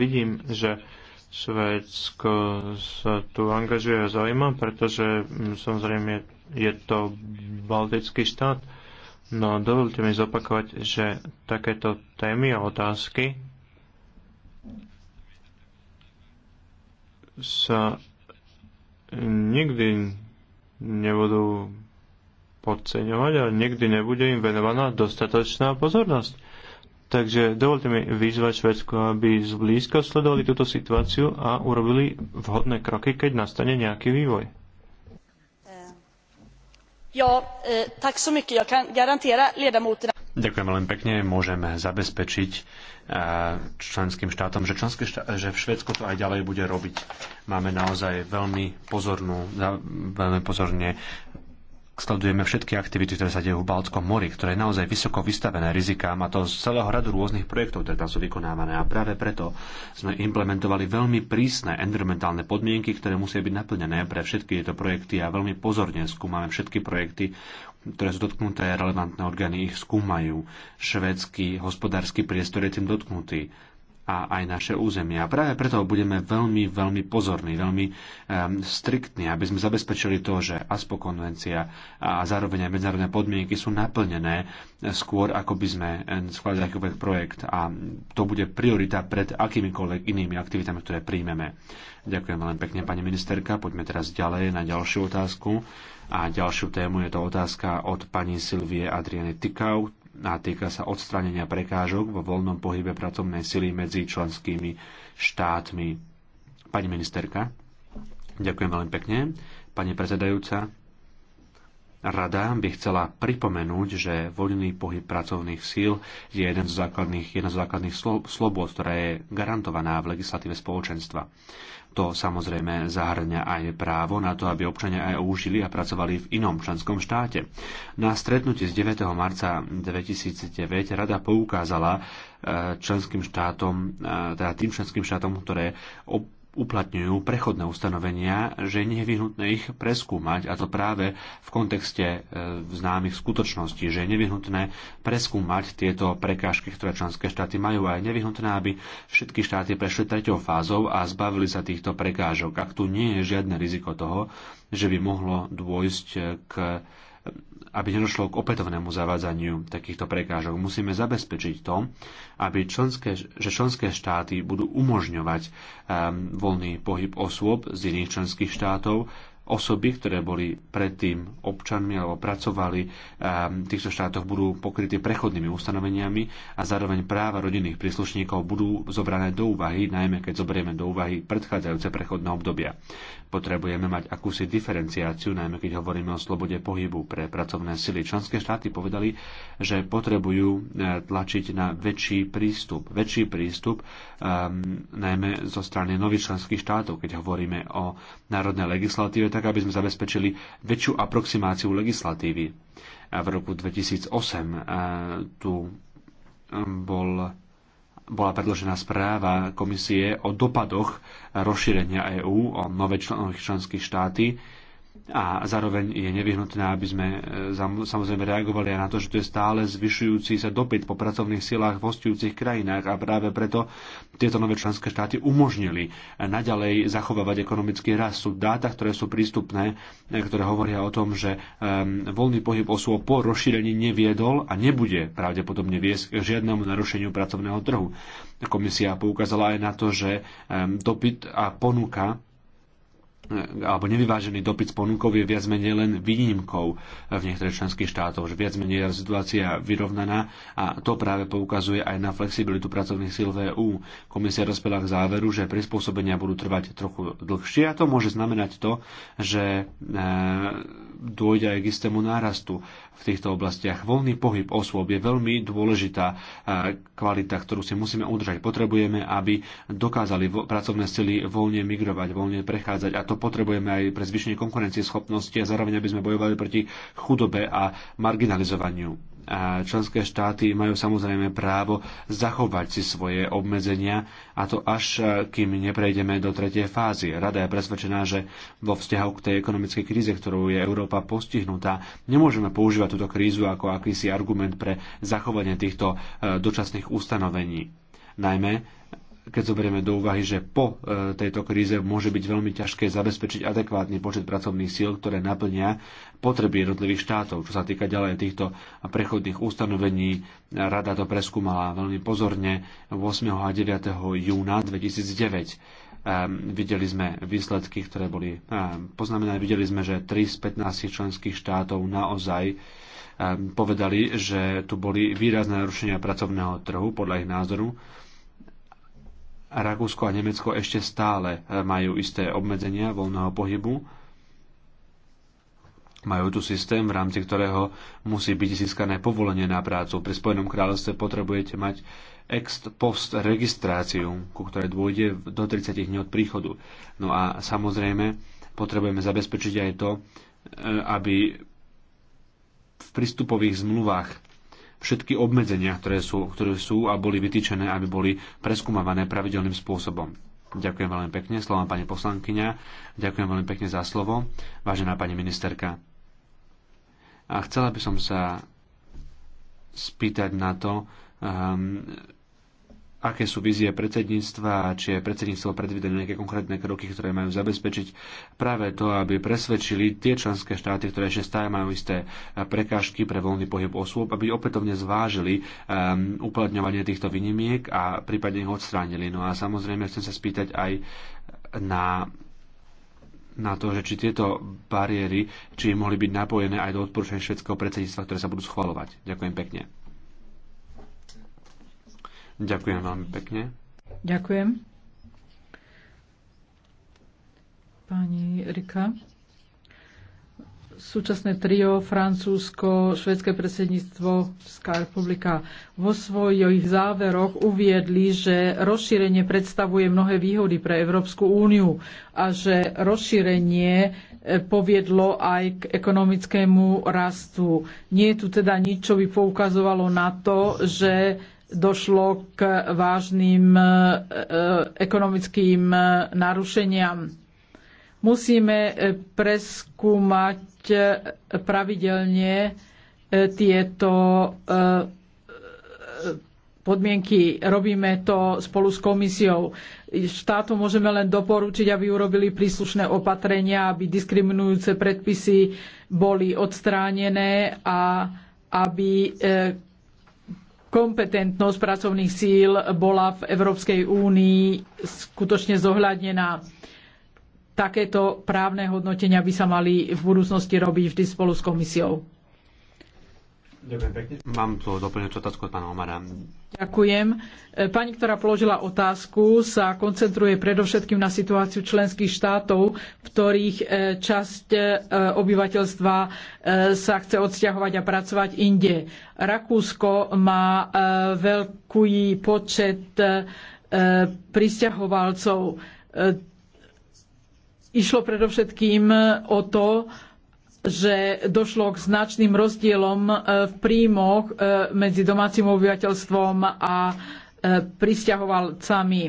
Vidím, že Švédsko sa tu angažuje a zaujíma, pretože samozrejme je to baltický štát. No dovolte mi zopakovať, že takéto témy a otázky sa nikdy nebudú podceňovať a nikdy nebude im venovaná dostatočná pozornosť. Takže dovolte mi vyzvať Švedsko, aby zblízka sledovali túto situáciu a urobili vhodné kroky, keď nastane nejaký vývoj. Eh, Ďakujem veľmi pekne. Môžeme zabezpečiť eh, členským štátom, že, členské štá- že v Švedsku to aj ďalej bude robiť. Máme naozaj veľmi, pozornú, veľmi pozorne sledujeme všetky aktivity, ktoré sa dejú v Baltskom mori, ktoré je naozaj vysoko vystavené rizikám a to z celého radu rôznych projektov, ktoré tam sú vykonávané. A práve preto sme implementovali veľmi prísne environmentálne podmienky, ktoré musia byť naplnené pre všetky tieto projekty a veľmi pozorne skúmame všetky projekty, ktoré sú dotknuté, relevantné orgány ich skúmajú. Švédsky hospodársky priestor je tým dotknutý a aj naše územie. A práve preto budeme veľmi, veľmi pozorní, veľmi um, striktní, aby sme zabezpečili to, že ASPO konvencia a zároveň aj medzinárodné podmienky sú naplnené skôr, ako by sme skladali akýkoľvek projekt. A to bude priorita pred akýmikoľvek inými aktivitami, ktoré príjmeme. Ďakujem veľmi pekne, pani ministerka. Poďme teraz ďalej na ďalšiu otázku. A ďalšiu tému je to otázka od pani Silvie Adriany Tykau, a týka sa odstranenia prekážok vo voľnom pohybe pracovnej sily medzi členskými štátmi. Pani ministerka, ďakujem veľmi pekne. Pani predsedajúca, Rada by chcela pripomenúť, že voľný pohyb pracovných síl je jeden z základných, jedna z základných slo, slobôd, ktorá je garantovaná v legislatíve spoločenstva. To samozrejme zahrňa aj právo na to, aby občania aj e užili a pracovali v inom členskom štáte. Na stretnutí z 9. marca 2009 rada poukázala eh, členským štátom, eh, teda tým členským štátom, ktoré uplatňujú prechodné ustanovenia, že nie je nevyhnutné ich preskúmať, a to práve v kontexte e, známych skutočností, že je nevyhnutné preskúmať tieto prekážky, ktoré členské štáty majú a je nevyhnutné, aby všetky štáty prešli treťou fázou a zbavili sa týchto prekážok, ak tu nie je žiadne riziko toho, že by mohlo dôjsť k aby nedošlo k opätovnému zavádzaniu takýchto prekážok. Musíme zabezpečiť to, aby členské, že členské štáty budú umožňovať um, voľný pohyb osôb z iných členských štátov osoby, ktoré boli predtým občanmi alebo pracovali v týchto štátoch, budú pokryté prechodnými ustanoveniami a zároveň práva rodinných príslušníkov budú zobrané do úvahy, najmä keď zoberieme do úvahy predchádzajúce prechodné obdobia. Potrebujeme mať akúsi diferenciáciu, najmä keď hovoríme o slobode pohybu pre pracovné sily. Členské štáty povedali, že potrebujú e, tlačiť na väčší prístup, väčší prístup um, najmä zo strany nových členských štátov, keď hovoríme o národnej legislatíve, tak aby sme zabezpečili väčšiu aproximáciu legislatívy. A v roku 2008 eh, tu eh, bol, bola predložená správa komisie o dopadoch rozšírenia EÚ o nové členské štáty a zároveň je nevyhnutné, aby sme e, samozrejme reagovali aj na to, že tu je stále zvyšujúci sa dopyt po pracovných silách v hostujúcich krajinách a práve preto tieto nové členské štáty umožnili e, naďalej zachovávať ekonomický rast. Sú dáta, ktoré sú prístupné, e, ktoré hovoria o tom, že voľný pohyb osôb po rozšírení neviedol a nebude pravdepodobne viesť k žiadnemu narušeniu pracovného trhu. Komisia poukázala aj na to, že dopyt a ponuka Eh, alebo nevyvážený dopyt z ponukov je viac menej len výnimkou v niektorých členských štátoch, že viac menej je situácia vyrovnaná a to práve poukazuje aj na flexibilitu pracovných síl v e Komisia rozpela k záveru, že prispôsobenia budú trvať trochu dlhšie a to môže znamenať to, že eh, dôjde aj k istému nárastu v týchto oblastiach. Voľný pohyb osôb je veľmi dôležitá kvalita, ktorú si musíme udržať. Potrebujeme, aby dokázali pracovné sily voľne migrovať, voľne prechádzať a to potrebujeme aj pre zvýšenie schopnosti a zároveň, aby sme bojovali proti chudobe a marginalizovaniu a členské štáty majú samozrejme právo zachovať si svoje obmedzenia a to až e, kým neprejdeme do tretej fázy. Rada je presvedčená, že vo vzťahu k tej ekonomickej kríze, ktorou je Európa postihnutá, nemôžeme používať túto krízu ako akýsi argument pre zachovanie týchto e, dočasných ustanovení. Najmä keď zoberieme do úvahy, že po e, tejto kríze môže byť veľmi ťažké zabezpečiť adekvátny počet pracovných síl, ktoré naplnia potreby jednotlivých štátov. Čo sa týka ďalej týchto prechodných ustanovení, rada to preskúmala veľmi pozorne 8. a 9. júna 2009. E, videli sme výsledky, ktoré boli e, poznamenané. Videli sme, že 3 z 15 členských štátov naozaj povedali, že tu boli výrazné narušenia pracovného trhu podľa ich názoru Rakúsko a Nemecko ešte stále e, majú isté obmedzenia voľného pohybu. Majú tu systém, v rámci ktorého musí byť získané povolenie na prácu. Pri Spojenom kráľovstve potrebujete mať ex post registráciu, ku ktorej dôjde do 30 dní od príchodu. No a samozrejme potrebujeme zabezpečiť aj to, e, aby v prístupových zmluvách všetky obmedzenia, ktoré sú, ktoré sú a boli vytýčené, aby boli preskúmavané pravidelným spôsobom. Ďakujem veľmi pekne, slova pani poslankyňa, ďakujem veľmi pekne za slovo, vážená pani ministerka. A chcela by som sa spýtať na to, um, aké sú vízie predsedníctva a či je predsedníctvo predvidené nejaké konkrétne kroky, ktoré majú zabezpečiť práve to, aby presvedčili tie členské štáty, ktoré ešte stále majú isté eh, prekážky pre voľný pohyb osôb, aby opätovne zvážili um, uplatňovanie týchto výnimiek a prípadne ich odstránili. No a samozrejme chcem sa spýtať aj na na to, že či tieto bariéry, či mohli byť napojené aj do odporúčania švedského predsedníctva, ktoré sa budú schvalovať. Ďakujem pekne. Ďakujem vám pekne. Ďakujem. Pani Erika. Súčasné trio Francúzsko, švedské predsedníctvo, Česká republika vo svojich záveroch uviedli, že rozšírenie predstavuje mnohé výhody pre Európsku úniu a že rozšírenie e, poviedlo aj k ekonomickému rastu. Nie je tu teda nič, čo by poukazovalo na to, že došlo k vážnym e, e, ekonomickým e, narušeniam. Musíme preskúmať pravidelne tieto podmienky. Robíme to spolu s komisiou. Štátu môžeme len doporučiť, aby urobili príslušné opatrenia, aby diskriminujúce predpisy boli odstránené a aby kompetentnosť pracovných síl bola v Európskej únii skutočne zohľadnená. Takéto právne hodnotenia by sa mali v budúcnosti robiť vždy spolu s komisiou. Ďakujem pekne. Mám tu doplňujúcu otázku od pána Omara. Ďakujem. E, pani, ktorá položila otázku, sa koncentruje predovšetkým na situáciu členských štátov, v ktorých e, časť e, obyvateľstva sa chce odsťahovať a pracovať inde. Rakúsko má veľký počet pristahovalcov. Išlo predovšetkým o to, že došlo k značným rozdielom e, v príjmoch e, medzi domácim obyvateľstvom a e, pristahovalcami.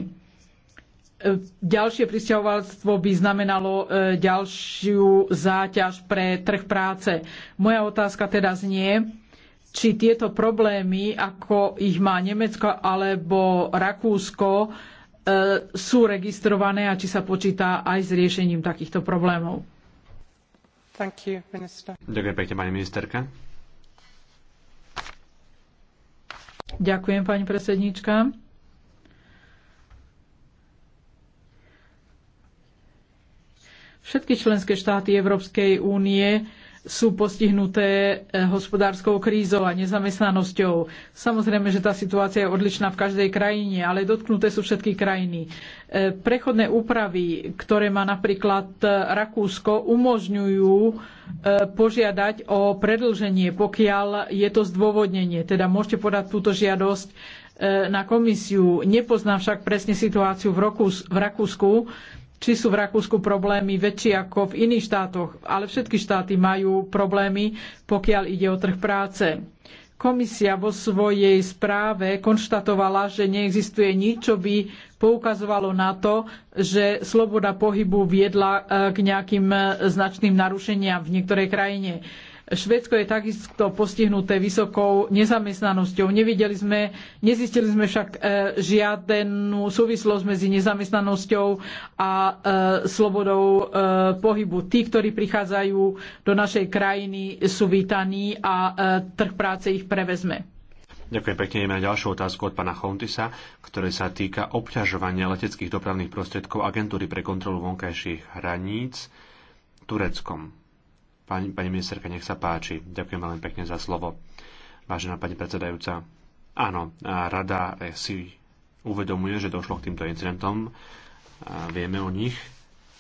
Ďalšie pristahovalstvo by znamenalo ďalšiu záťaž pre trh práce. Moja otázka teda znie, či tieto problémy, ako ich má Nemecko alebo Rakúsko, sú registrované a či sa počíta aj s riešením takýchto problémov. You, Ďakujem pekne, pani ministerka. Ďakujem, pani predsedníčka. Všetky členské štáty Európskej únie sú postihnuté eh, hospodárskou krízou a nezamestnanosťou. Samozrejme, že tá situácia je odlišná v každej krajine, ale dotknuté sú všetky krajiny. Eh, prechodné úpravy, ktoré má napríklad eh, Rakúsko, umožňujú požiadať o predlženie, pokiaľ je to zdôvodnenie. Teda môžete podať túto žiadosť na komisiu. Nepoznám však presne situáciu v Rakúsku či sú v Rakúsku problémy väčšie ako v iných štátoch, ale všetky štáty majú problémy, pokiaľ ide o trh práce. Komisia vo svojej správe konštatovala, že neexistuje nič, čo by poukazovalo na to, že sloboda pohybu viedla eh, k nejakým eh, značným narušeniam v niektorej krajine. Švédsko je takisto postihnuté vysokou nezamestnanosťou. Nevideli sme, nezistili sme však e, žiadnu súvislosť medzi nezamestnanosťou a e, slobodou e, pohybu. Tí, ktorí prichádzajú do našej krajiny, sú vítaní a trh práce ich prevezme. Ďakujem pekne. Ideme na ďalšiu otázku od pána Chontisa, ktoré sa týka obťažovania leteckých dopravných prostriedkov agentúry pre kontrolu vonkajších hraníc Tureckom. Pani, pani ministerka, nech sa páči. Ďakujem veľmi pekne za slovo. Vážená pani predsedajúca, áno, rada eh, si uvedomuje, že došlo k týmto incidentom. A vieme o nich.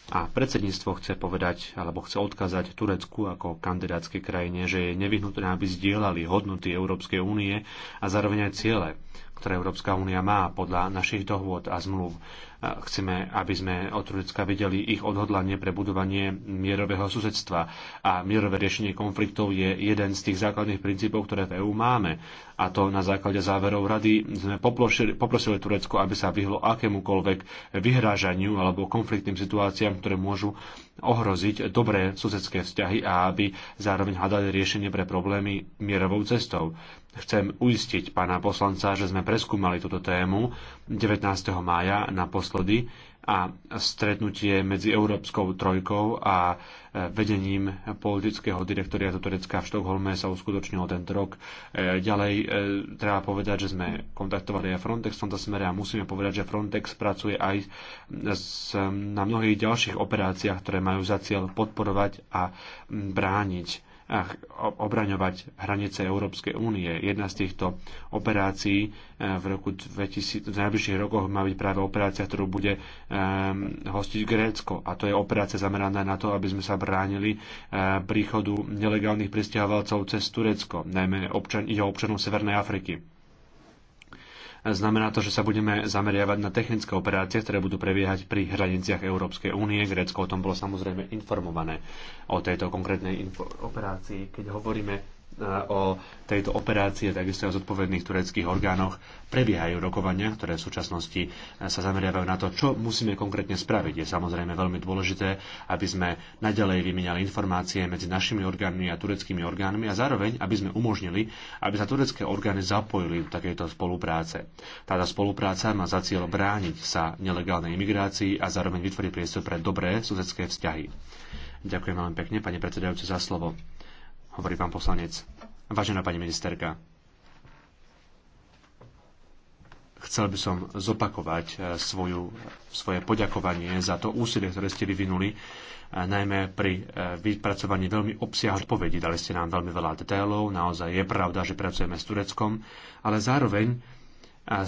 A predsedníctvo chce povedať, alebo chce odkázať Turecku ako kandidátskej krajine, že je nevyhnutné, aby zdieľali hodnoty Európskej únie a zároveň aj ciele, ktoré Európska únia má podľa našich dohôd a zmluv. Chceme, aby sme od Turecka videli ich odhodlanie pre budovanie mierového susedstva. A mierové riešenie konfliktov je jeden z tých základných princípov, ktoré v EÚ máme a to na základe záverov rady sme poprosili Turecko, aby sa vyhlo akémukoľvek vyhrážaniu alebo konfliktným situáciám, ktoré môžu ohroziť dobré susedské vzťahy a aby zároveň hľadali riešenie pre problémy mierovou cestou. Chcem uistiť pána poslanca, že sme preskúmali túto tému 19. mája naposledy a stretnutie medzi Európskou trojkou a e, vedením politického direktoria do Turecka v Štokholme sa uskutočnilo tento rok. E, ďalej e, treba povedať, že sme kontaktovali aj Frontex v tomto smere a musíme povedať, že Frontex pracuje aj s na mnohých ďalších operáciách, ktoré majú za cieľ podporovať a brániť obraňovať hranice Európskej únie. Jedna z týchto operácií eh, v roku 2000, v najbližších rokoch má byť práve operácia, ktorú bude um, hostiť Grécko. A to je operácia zameraná na to, aby sme sa bránili uh, príchodu nelegálnych pristahovalcov cez Turecko, najmä občan, ide o občanov Severnej Afriky. Znamená to, že sa budeme zameriavať na technické operácie, ktoré budú prebiehať pri hraniciach Európskej únie. Grécko o tom bolo samozrejme informované o tejto konkrétnej operácii. Keď hovoríme o tejto operácie, takisto aj o zodpovedných tureckých orgánoch prebiehajú rokovania, ktoré v súčasnosti e, sa zameriavajú na to, čo musíme konkrétne spraviť. Je samozrejme veľmi dôležité, aby sme naďalej vymieniali informácie medzi našimi orgánmi a tureckými orgánmi a zároveň, aby sme umožnili, aby sa turecké orgány zapojili do takejto spolupráce. Táto spolupráca má za cieľ brániť sa nelegálnej imigrácii a zároveň vytvoriť priestor pre dobré susedské vzťahy. Ďakujem veľmi pekne, pani predsedajúci, za slovo hovorí pán poslanec. Vážená pani ministerka, chcel by som zopakovať e, svoju, svoje poďakovanie za to úsilie, ktoré ste vyvinuli, e, najmä pri e, vypracovaní veľmi obsiahol odpovedí. Dali ste nám veľmi veľa detailov, naozaj je pravda, že pracujeme s Tureckom, ale zároveň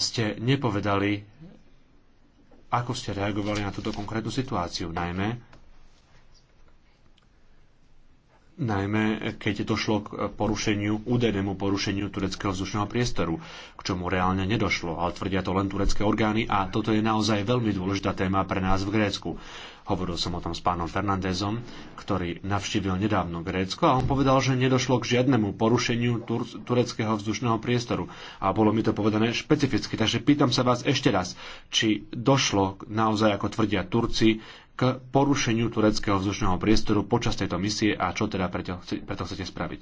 ste nepovedali, ako ste reagovali na túto konkrétnu situáciu, najmä najmä keď došlo k porušeniu, údenému porušeniu tureckého vzdušného priestoru, k čomu reálne nedošlo, ale tvrdia to len turecké orgány a toto je naozaj veľmi dôležitá téma pre nás v Grécku. Hovoril som o tom s pánom Fernandezom, ktorý navštívil nedávno Grécko a on povedal, že nedošlo k žiadnemu porušeniu tur- tureckého vzdušného priestoru. A bolo mi to povedané špecificky, takže pýtam sa vás ešte raz, či došlo naozaj, ako tvrdia Turci, k porušeniu tureckého vzdušného priestoru počas tejto misie a čo teda preto, preto chcete spraviť.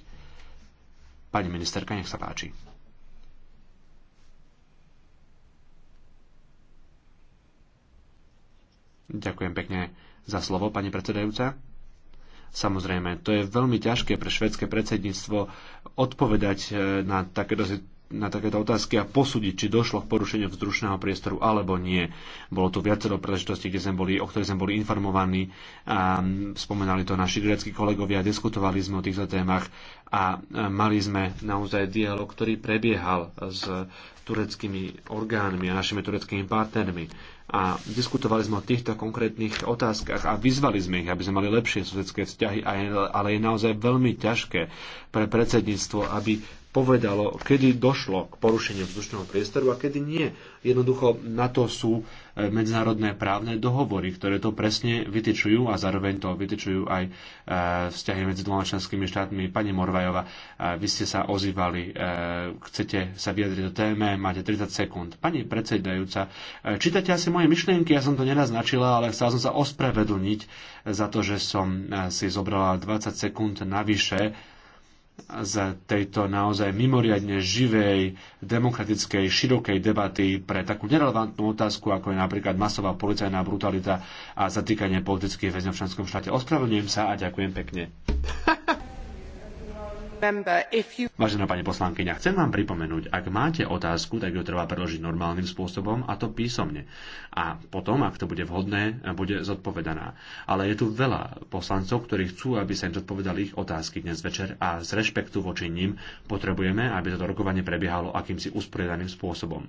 Pani ministerka, nech sa páči. Ďakujem pekne za slovo, pani predsedajúca. Samozrejme, to je veľmi ťažké pre švedské predsedníctvo odpovedať e, na takéto na takéto otázky a posúdiť, či došlo k porušeniu vzdušného priestoru alebo nie. Bolo tu viacero príležitostí, kde sme boli, o ktorých sme boli informovaní a spomenali to naši greckí kolegovia, diskutovali sme o týchto témach a mali sme naozaj dialog, ktorý prebiehal s tureckými orgánmi a našimi tureckými partnermi a diskutovali sme o týchto konkrétnych otázkach a vyzvali sme ich, aby sme mali lepšie susedské vzťahy, ale je naozaj veľmi ťažké pre predsedníctvo, aby povedalo, kedy došlo k porušeniu vzdušného priestoru a kedy nie. Jednoducho na to sú e, medzinárodné právne dohovory, ktoré to presne vytyčujú a zároveň to vytyčujú aj e, vzťahy medzi dvoma členskými štátmi. Pani Morvajova, e, vy ste sa ozývali, chcete sa vyjadriť do téme, máte 30 sekúnd. Pani predsedajúca, čítate asi moje myšlienky, ja som to nenaznačila, ale chcela som sa ospravedlniť za to, že som si zobrala 20 sekúnd navyše z tejto naozaj mimoriadne živej, demokratickej, širokej debaty pre takú nerelevantnú otázku, ako je napríklad masová policajná brutalita a zatýkanie politických väzňov v členskom štáte. Ospravedlňujem sa a ďakujem pekne. (laughs) Vážená pani poslankyňa, chcem vám pripomenúť, ak máte otázku, tak ju treba preložiť normálnym spôsobom a to písomne. A potom, ak to bude vhodné, bude zodpovedaná. Ale je tu veľa poslancov, ktorí chcú, aby sa im zodpovedali ich otázky dnes večer a z rešpektu voči ním potrebujeme, aby toto rokovanie prebiehalo akýmsi usporiadaným spôsobom.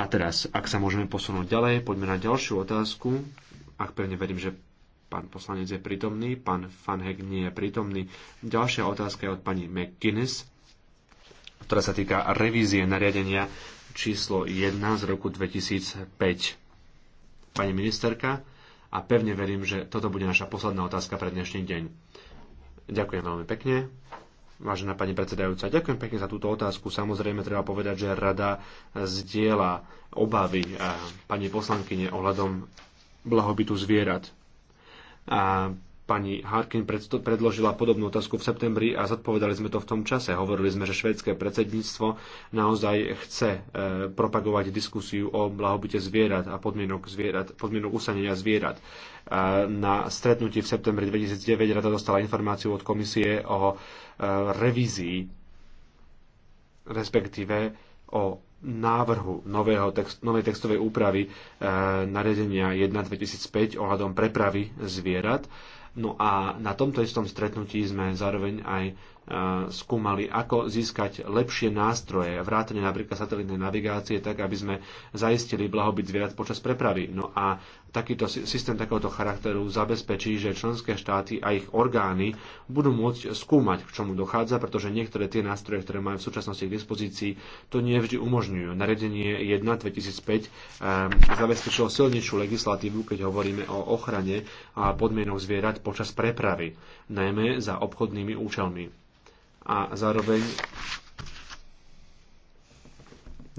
A teraz, ak sa môžeme posunúť ďalej, poďme na ďalšiu otázku. Ak pevne verím, že Pán poslanec je prítomný, pán Fanhek nie je prítomný. Ďalšia otázka je od pani McGuinness, ktorá sa týka revízie nariadenia číslo 1 z roku 2005. Pani ministerka, a pevne verím, že toto bude naša posledná otázka pre dnešný deň. Ďakujem veľmi pekne. Vážená pani predsedajúca, ďakujem pekne za túto otázku. Samozrejme, treba povedať, že rada zdieľa obavy eh, pani poslankyne ohľadom blahobytu zvierat. A pani Harkin predložila podobnú otázku v septembri a zodpovedali sme to v tom čase. Hovorili sme, že švédske predsedníctvo naozaj chce e, propagovať diskusiu o blahobite zvierat a podmienok, zvierat, podmienok usanenia zvierat. E, na stretnutí v septembri 2009 rada dostala informáciu od komisie o e, revízii, respektíve o návrhu nového text, novej textovej úpravy e, nariadenia 1.2005 ohľadom prepravy zvierat. No a na tomto istom stretnutí sme zároveň aj e, skúmali, ako získať lepšie nástroje, vrátane napríklad satelitnej navigácie, tak aby sme zaistili blahobyt zvierat počas prepravy. No a takýto systém takéhoto charakteru zabezpečí, že členské štáty a ich orgány budú môcť skúmať, k čomu dochádza, pretože niektoré tie nástroje, ktoré majú v súčasnosti k dispozícii, to nevždy umožňujú. Naredenie 1 2005 zabezpečilo silnejšiu legislatívu, keď hovoríme o ochrane a podmienok zvierat počas prepravy, najmä za obchodnými účelmi. A zároveň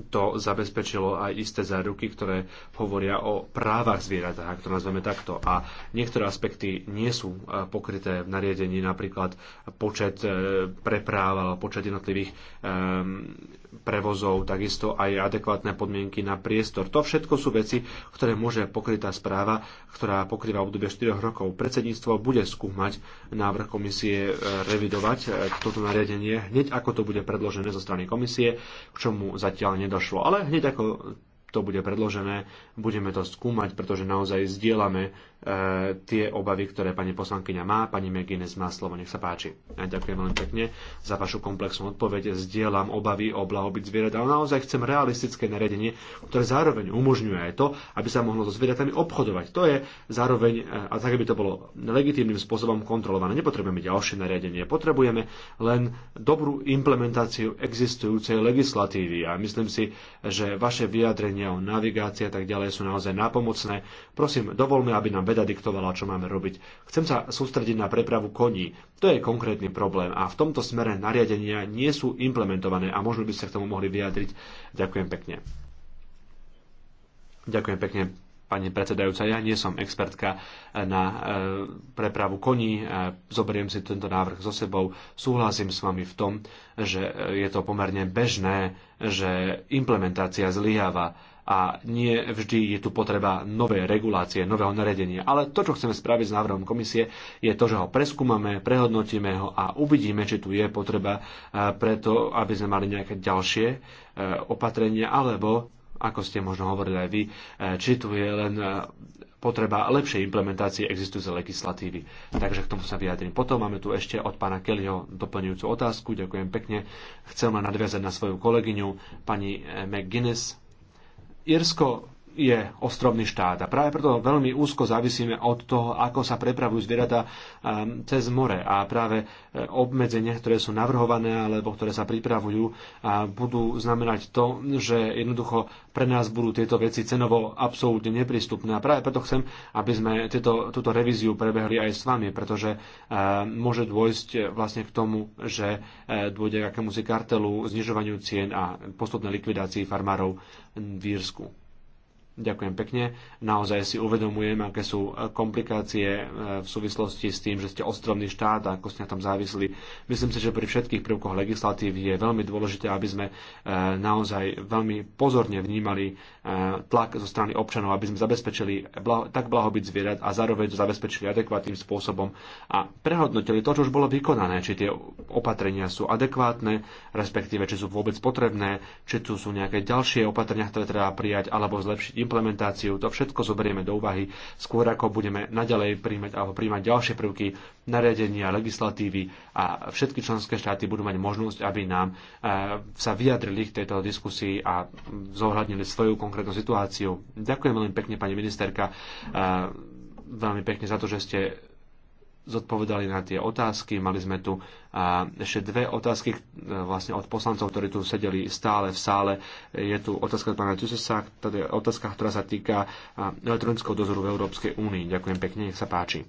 to zabezpečilo aj isté záruky, ktoré hovoria o právach zvieratá, ak to nazveme takto. A niektoré aspekty nie sú e, pokryté v nariadení, napríklad počet e, prepráv alebo počet jednotlivých um, prevozov, takisto aj adekvátne podmienky na priestor. To všetko sú veci, ktoré môže pokrytá správa, ktorá pokrýva obdobie 4 rokov. Predsedníctvo bude skúmať návrh komisie e, revidovať e, toto nariadenie hneď ako to bude predložené zo strany komisie, k čomu zatiaľ nedošlo. Ale hneď ako to bude predložené, budeme to skúmať, pretože naozaj zdieľame E, tie obavy, ktoré pani poslankyňa má. Pani Megines má slovo, nech sa páči. Ja ďakujem veľmi pekne za vašu komplexnú odpoveď. Zdieľam obavy o blahobyt zvierat, ale naozaj chcem realistické nariadenie, ktoré zároveň umožňuje aj to, aby sa mohlo so zvieratami obchodovať. To je zároveň, e, a tak aby to bolo legitímnym spôsobom kontrolované. Nepotrebujeme ďalšie nariadenie, potrebujeme len dobrú implementáciu existujúcej legislatívy. A myslím si, že vaše vyjadrenia o navigácii a tak ďalej sú naozaj nápomocné. Prosím, dovolme, aby nám veda diktovala, čo máme robiť. Chcem sa sústrediť na prepravu koní. To je konkrétny problém a v tomto smere nariadenia nie sú implementované a možno by ste k tomu mohli vyjadriť. Ďakujem pekne. Ďakujem pekne, pani predsedajúca. Ja nie som expertka na e, prepravu koní. E, zoberiem si tento návrh so sebou. Súhlasím s vami v tom, že je to pomerne bežné, že implementácia zlyháva a nie vždy je tu potreba novej regulácie, nového naredenia. Ale to, čo chceme spraviť s návrhom komisie, je to, že ho preskúmame, prehodnotíme ho a uvidíme, či tu je potreba e, preto, aby sme mali nejaké ďalšie e, opatrenia, alebo, ako ste možno hovorili aj vy, e, či tu je len potreba lepšej implementácie existujúcej legislatívy. Takže k tomu sa vyjadrím. Potom máme tu ešte od pána Kellyho doplňujúcu otázku. Ďakujem pekne. Chcem len nadviazať na svoju kolegyňu, pani McGuinness Irsko je ostrovný štát. A práve preto veľmi úzko závisíme od toho, ako sa prepravujú zvieratá um, cez more. A práve e, obmedzenia, ktoré sú navrhované alebo ktoré sa pripravujú, budú znamenať to, že jednoducho pre nás budú tieto veci cenovo absolútne neprístupné. A práve preto chcem, aby sme tieto, túto revíziu prebehli aj s vami, pretože e, môže dôjsť vlastne k tomu, že e, dôjde k akémusi kartelu, znižovaniu cien a postupnej likvidácii farmárov v Írsku. Ďakujem pekne. Naozaj si uvedomujem, aké sú eh, komplikácie eh, v súvislosti s tým, že ste ostrovný štát a ako ste na tom závisli. Myslím si, že pri všetkých prvkoch legislatívy je veľmi dôležité, aby sme eh, naozaj veľmi pozorne vnímali tlak zo strany občanov, aby sme zabezpečili tak blahobyt zvierat a zároveň to zabezpečili adekvátnym spôsobom a prehodnotili to, čo už bolo vykonané, či tie opatrenia sú adekvátne, respektíve či sú vôbec potrebné, či tu sú nejaké ďalšie opatrenia, ktoré treba prijať alebo zlepšiť implementáciu. To všetko zoberieme do úvahy skôr, ako budeme naďalej príjmať alebo príjmať ďalšie prvky nariadenia, legislatívy a všetky členské štáty budú mať možnosť, aby nám e, sa vyjadrili k tejto diskusii a zohľadnili svoju konkrétnu situáciu. Ďakujem veľmi pekne, pani ministerka, e, veľmi pekne za to, že ste zodpovedali na tie otázky. Mali sme tu ešte dve otázky e, vlastne od poslancov, ktorí tu sedeli stále v sále. Je tu otázka od pána Tusesa, teda otázka, ktorá sa týka elektronického dozoru v Európskej únii. Ďakujem pekne, nech sa páči.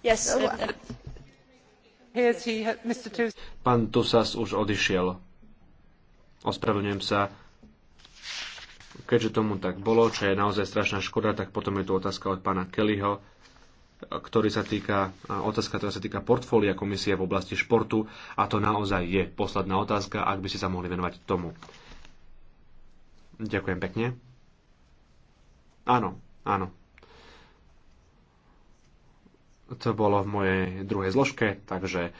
Yes. Pán Tusas už odišiel. Ospravedlňujem sa. Keďže tomu tak bolo, čo je naozaj strašná škoda, tak potom je tu otázka od pána Kellyho, ktorý sa týka, otázka, ktorá sa týka portfólia komisie v oblasti športu a to naozaj je posledná otázka, ak by ste sa mohli venovať tomu. Ďakujem pekne. Áno, áno. To bolo v mojej druhej zložke, takže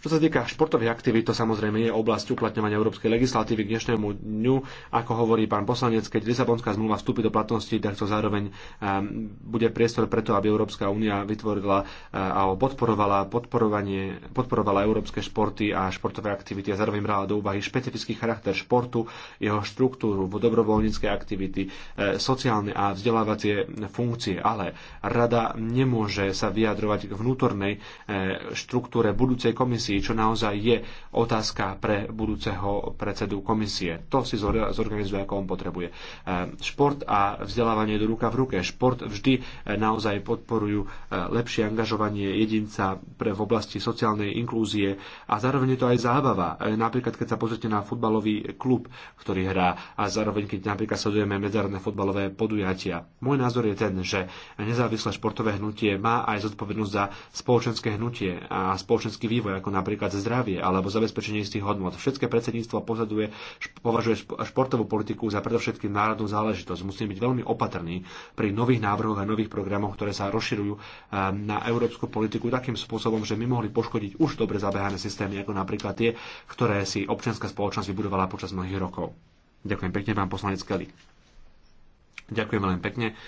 čo sa týka športových aktivít, to samozrejme je oblasť uplatňovania európskej legislatívy k dnešnému dňu. Ako hovorí pán poslanec, keď Lisabonská zmluva vstúpi do platnosti, tak to zároveň ehm, bude priestor preto, aby Európska únia vytvorila eh, alebo podporovala, podporovanie, podporovala európske športy a športové aktivity a zároveň brala do úvahy špecifický charakter športu, jeho štruktúru, dobrovoľnícke aktivity, eh, sociálne a vzdelávacie funkcie. Ale rada nemôže sa vyjadrovať k vnútornej eh, štruktúre budúcej komisie komisii, čo naozaj je otázka pre budúceho predsedu komisie. To si zorganizuje, ako on potrebuje. E, šport a vzdelávanie do ruka v ruke. Šport vždy e, naozaj podporujú e, lepšie angažovanie jedinca pre v oblasti sociálnej inklúzie a zároveň je to aj zábava. Napríklad, keď sa pozrite na futbalový klub, ktorý hrá a zároveň, keď napríklad sledujeme medzárodné futbalové podujatia. Môj názor je ten, že nezávislé športové hnutie má aj zodpovednosť za spoločenské hnutie a spoločenský vývoj, ako napríklad zdravie alebo zabezpečenie istých hodnot. Všetké predsedníctvo pozaduje, považuje športovú politiku za predovšetkým národnú záležitosť. Musíme byť veľmi opatrní pri nových návrhoch a nových programoch, ktoré sa rozširujú eh, na európsku politiku takým spôsobom, že my mohli poškodiť už dobre zabehané systémy, ako napríklad tie, ktoré si občianská spoločnosť vybudovala počas mnohých rokov. Ďakujem pekne, pán poslanec Kelly. Ďakujem veľmi pekne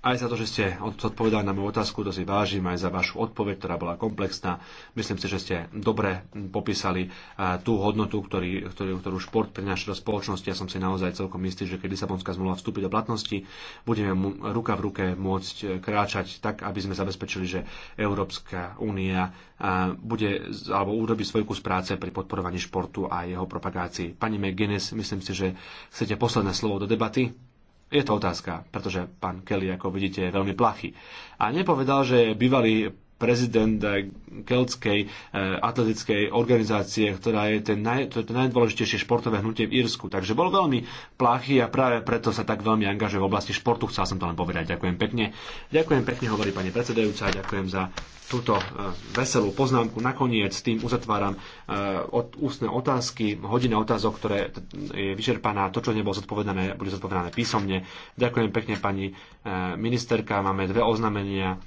aj za to, že ste odpovedali na moju otázku, to si vážim, aj za vašu odpoveď, ktorá bola komplexná. Myslím si, že ste dobre popísali tú hodnotu, ktorý, ktorý, ktorú šport prináša do spoločnosti. Ja som si naozaj celkom istý, že keď Lisabonská zmluva vstúpi do platnosti, budeme ruka v ruke môcť e, kráčať tak, aby sme zabezpečili, že Európska únia bude alebo urobí svoj kus práce pri podporovaní športu a jeho propagácii. Pani McGuinness, myslím si, že chcete posledné slovo do debaty. Je to otázka, pretože pán Kelly, ako vidíte, je veľmi plachý. A nepovedal, že bývalý prezident eh, keltskej eh, atletickej organizácie, ktorá je ten naj, to, je to najdôležitejšie športové hnutie v Írsku. Takže bol veľmi plachý a práve preto sa tak veľmi angažuje v oblasti športu. Chcel som to len povedať. Ďakujem pekne. Ďakujem pekne, hovorí pani predsedajúca. Ďakujem za túto eh, veselú poznámku. Nakoniec tým uzatváram od ústne otázky, hodina otázok, ktoré je vyčerpaná. To, čo nebolo zodpovedané, bude zodpovedané písomne. Ďakujem pekne pani ministerka. Máme dve oznamenia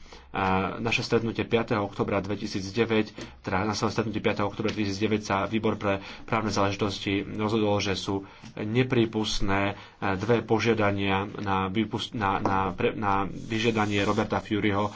naše stretnutie 5. oktobra 2009, teda na svojom 5. oktobra 2009 sa výbor pre právne záležitosti rozhodol, že sú neprípustné eh, dve požiadania na, na, na, na vyžiadanie Roberta Furyho